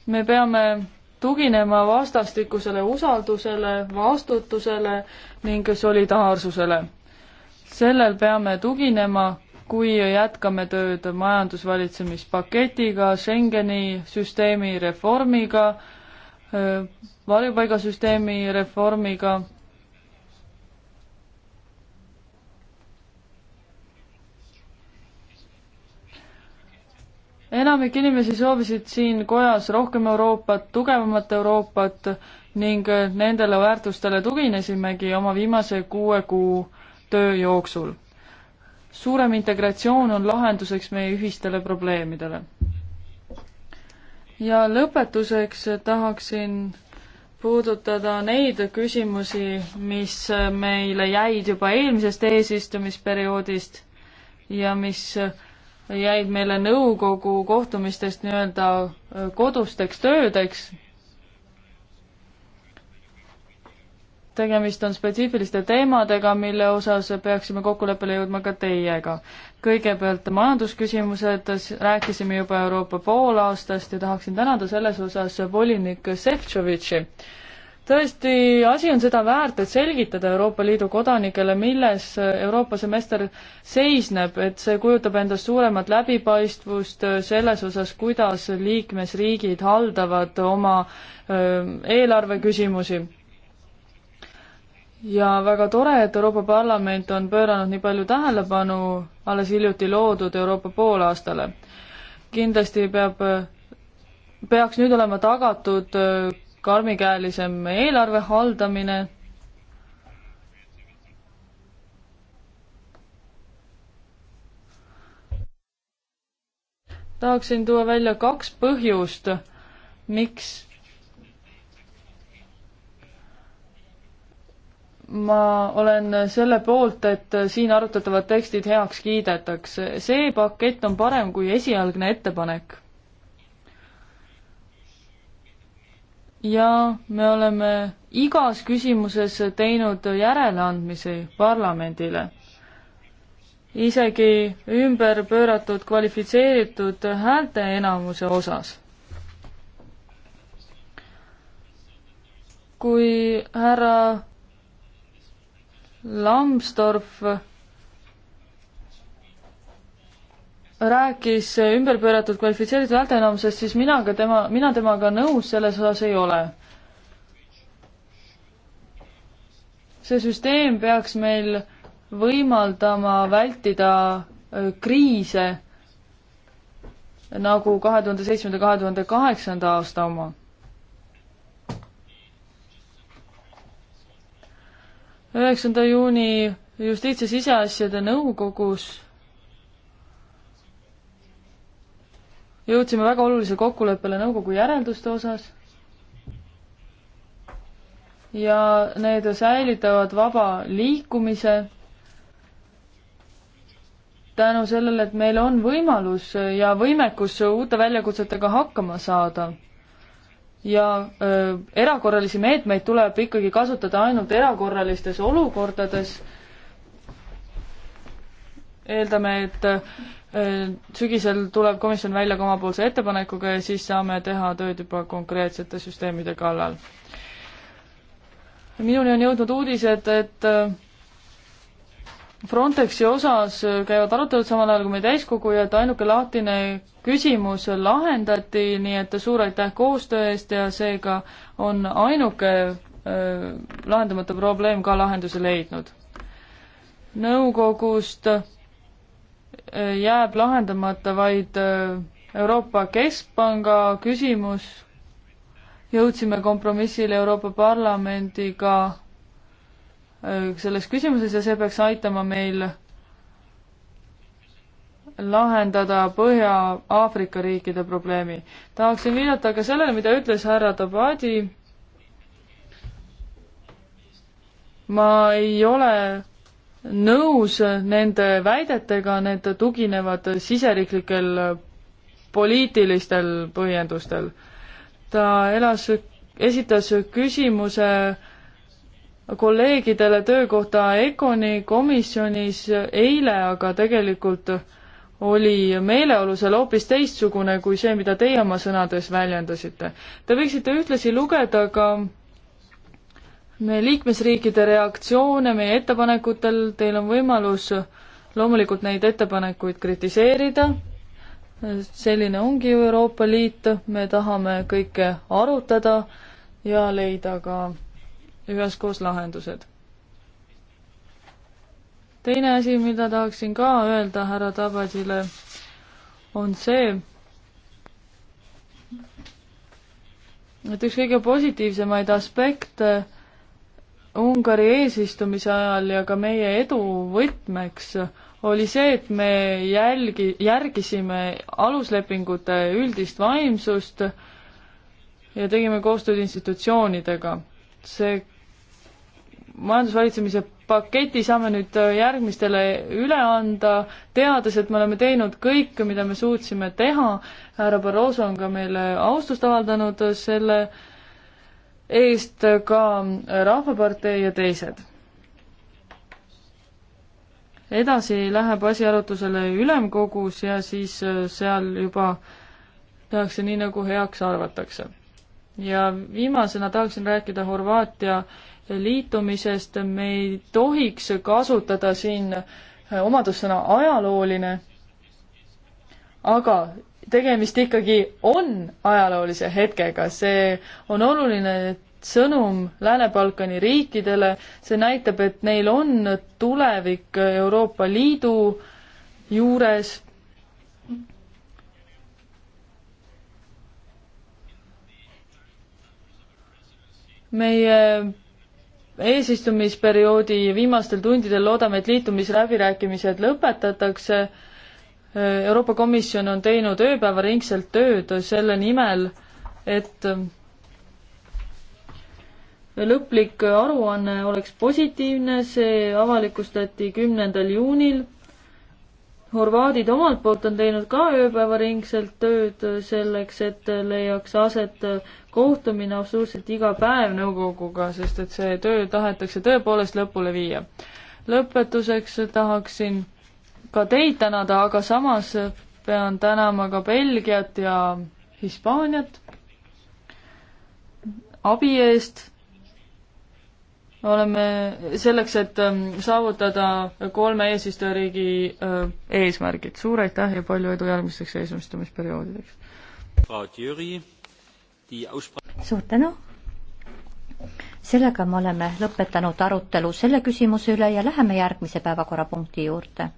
me peame tuginema vastastikusele usaldusele, vastutusele ning solidaarsusele. sellel peame tuginema, kui jätkame tööd majandusvalitsemispaketiga, Schengeni süsteemi reformiga, varjupaigasüsteemi reformiga enamik inimesi soovisid siin kojas rohkem Euroopat, tugevamat Euroopat ning nendele väärtustele tuginesimegi oma viimase kuue kuu töö jooksul. suurem integratsioon on lahenduseks meie ühistele probleemidele. ja lõpetuseks tahaksin puudutada neid küsimusi, mis meile jäid juba eelmisest eesistumisperioodist ja mis jäid meile nõukogu kohtumistest nii-öelda äh, kodusteks töödeks. tegemist on spetsiifiliste teemadega, mille osas peaksime kokkuleppele jõudma ka teiega. kõigepealt majandusküsimused, rääkisime juba Euroopa poolaastast ja tahaksin tänada selles osas volinik Šefčovitši tõesti, asi on seda väärt, et selgitada Euroopa Liidu kodanikele, milles Euroopa semester seisneb, et see kujutab endast suuremat läbipaistvust selles osas, kuidas liikmesriigid haldavad oma eelarveküsimusi. ja väga tore, et Euroopa Parlament on pööranud nii palju tähelepanu alles hiljuti loodud Euroopa poolaastale. kindlasti peab, peaks nüüd olema tagatud karmikäelisem eelarve haldamine. tahaksin tuua välja kaks põhjust, miks ma olen selle poolt, et siin arutatavad tekstid heaks kiidetakse. see pakett on parem kui esialgne ettepanek ja me oleme igas küsimuses teinud järeleandmisi parlamendile. isegi ümber pööratud kvalifitseeritud häälteenamuse osas. kui härra Lambsdorff rääkis ümberpööratud kvalifitseeritud häälteenamusest, siis mina ka tema, mina temaga nõus selles osas ei ole. see süsteem peaks meil võimaldama vältida kriise nagu kahe tuhande seitsmenda, kahe tuhande kaheksanda aasta oma. üheksanda juuni justiits- ja siseasjade nõukogus jõudsime väga olulisele kokkuleppele nõukogu järelduste osas ja need säilitavad vaba liikumise tänu sellele, et meil on võimalus ja võimekus uute väljakutsetega hakkama saada. ja öö, erakorralisi meetmeid tuleb ikkagi kasutada ainult erakorralistes olukordades. eeldame, et öö, Äh, sügisel tuleb komisjon välja ka omapoolse ettepanekuga ja siis saame teha tööd juba konkreetsete süsteemide kallal. minuni on jõudnud uudised, et äh, Frontexi osas käivad arutelud samal ajal kui meie täiskogu ja et ainuke lahtine küsimus lahendati, nii et suur aitäh koostöö eest ja seega on ainuke äh, lahendamata probleem ka lahenduse leidnud. nõukogust äh, jääb lahendamata vaid äh, Euroopa Keskpanga küsimus. jõudsime kompromissile Euroopa Parlamendiga äh, selles küsimuses ja see peaks aitama meil lahendada Põhja-Aafrika riikide probleemi. tahaksin viidata ka sellele, mida ütles härra Tabadi. ma ei ole nõus nende väidetega, need tuginevad siseriiklikel poliitilistel põhjendustel. ta elas, esitas küsimuse kolleegidele töökohta Econi komisjonis eile, aga tegelikult oli meeleolu seal hoopis teistsugune kui see, mida teie oma sõnades väljendasite. Te võiksite ühtlasi lugeda ka meie liikmesriikide reaktsioone meie ettepanekutel, teil on võimalus loomulikult neid ettepanekuid kritiseerida, selline ongi ju Euroopa Liit, me tahame kõike arutada ja leida ka üheskoos lahendused. teine asi, mida tahaksin ka öelda härra Tabadile, on see, et üks kõige positiivsemaid aspekte Ungari eesistumise ajal ja ka meie edu võtmeks oli see, et me jälgi, järgisime aluslepingute üldist vaimsust ja tegime koostööd institutsioonidega. see majandusvalitsemise paketi saame nüüd järgmistele üle anda, teades, et me oleme teinud kõike, mida me suutsime teha. härra Barroso on ka meile austust avaldanud selle äh, eest ka Rahvapartei ja teised. edasi läheb asi arutusele ülemkogus ja siis äh, seal juba tehakse nii, nagu heaks arvatakse. ja viimasena tahaksin rääkida Horvaatia liitumisest, me ei tohiks kasutada siin äh, omadussõna ajalooline, aga tegemist ikkagi on ajaloolise hetkega, see on oluline sõnum Lääne-Balkani riikidele, see näitab, et neil on tulevik Euroopa Liidu juures. meie eesistumisperioodi viimastel tundidel loodame, et liitumisläbirääkimised lõpetatakse Euroopa Komisjon on teinud ööpäevaringselt tööd selle nimel, et lõplik aruanne oleks positiivne, see avalikustati kümnendal juunil. horvaadid omalt poolt on teinud ka ööpäevaringselt tööd selleks, et leiaks aset kohtumine absoluutselt iga päev nõukoguga, sest et see töö tahetakse tõepoolest lõpule viia. lõpetuseks tahaksin ka teid tänada, aga samas pean tänama ka Belgiat ja Hispaaniat abi eest. oleme selleks, et ähm, saavutada kolme eesistujariigi äh, eesmärgid. suur aitäh ja palju edu järgmisteks eesistumisperioodideks! suur tänu! sellega me oleme lõpetanud arutelu selle küsimuse üle ja läheme järgmise päevakorrapunkti juurde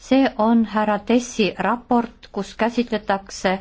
see on härra Tessi raport, kus käsitletakse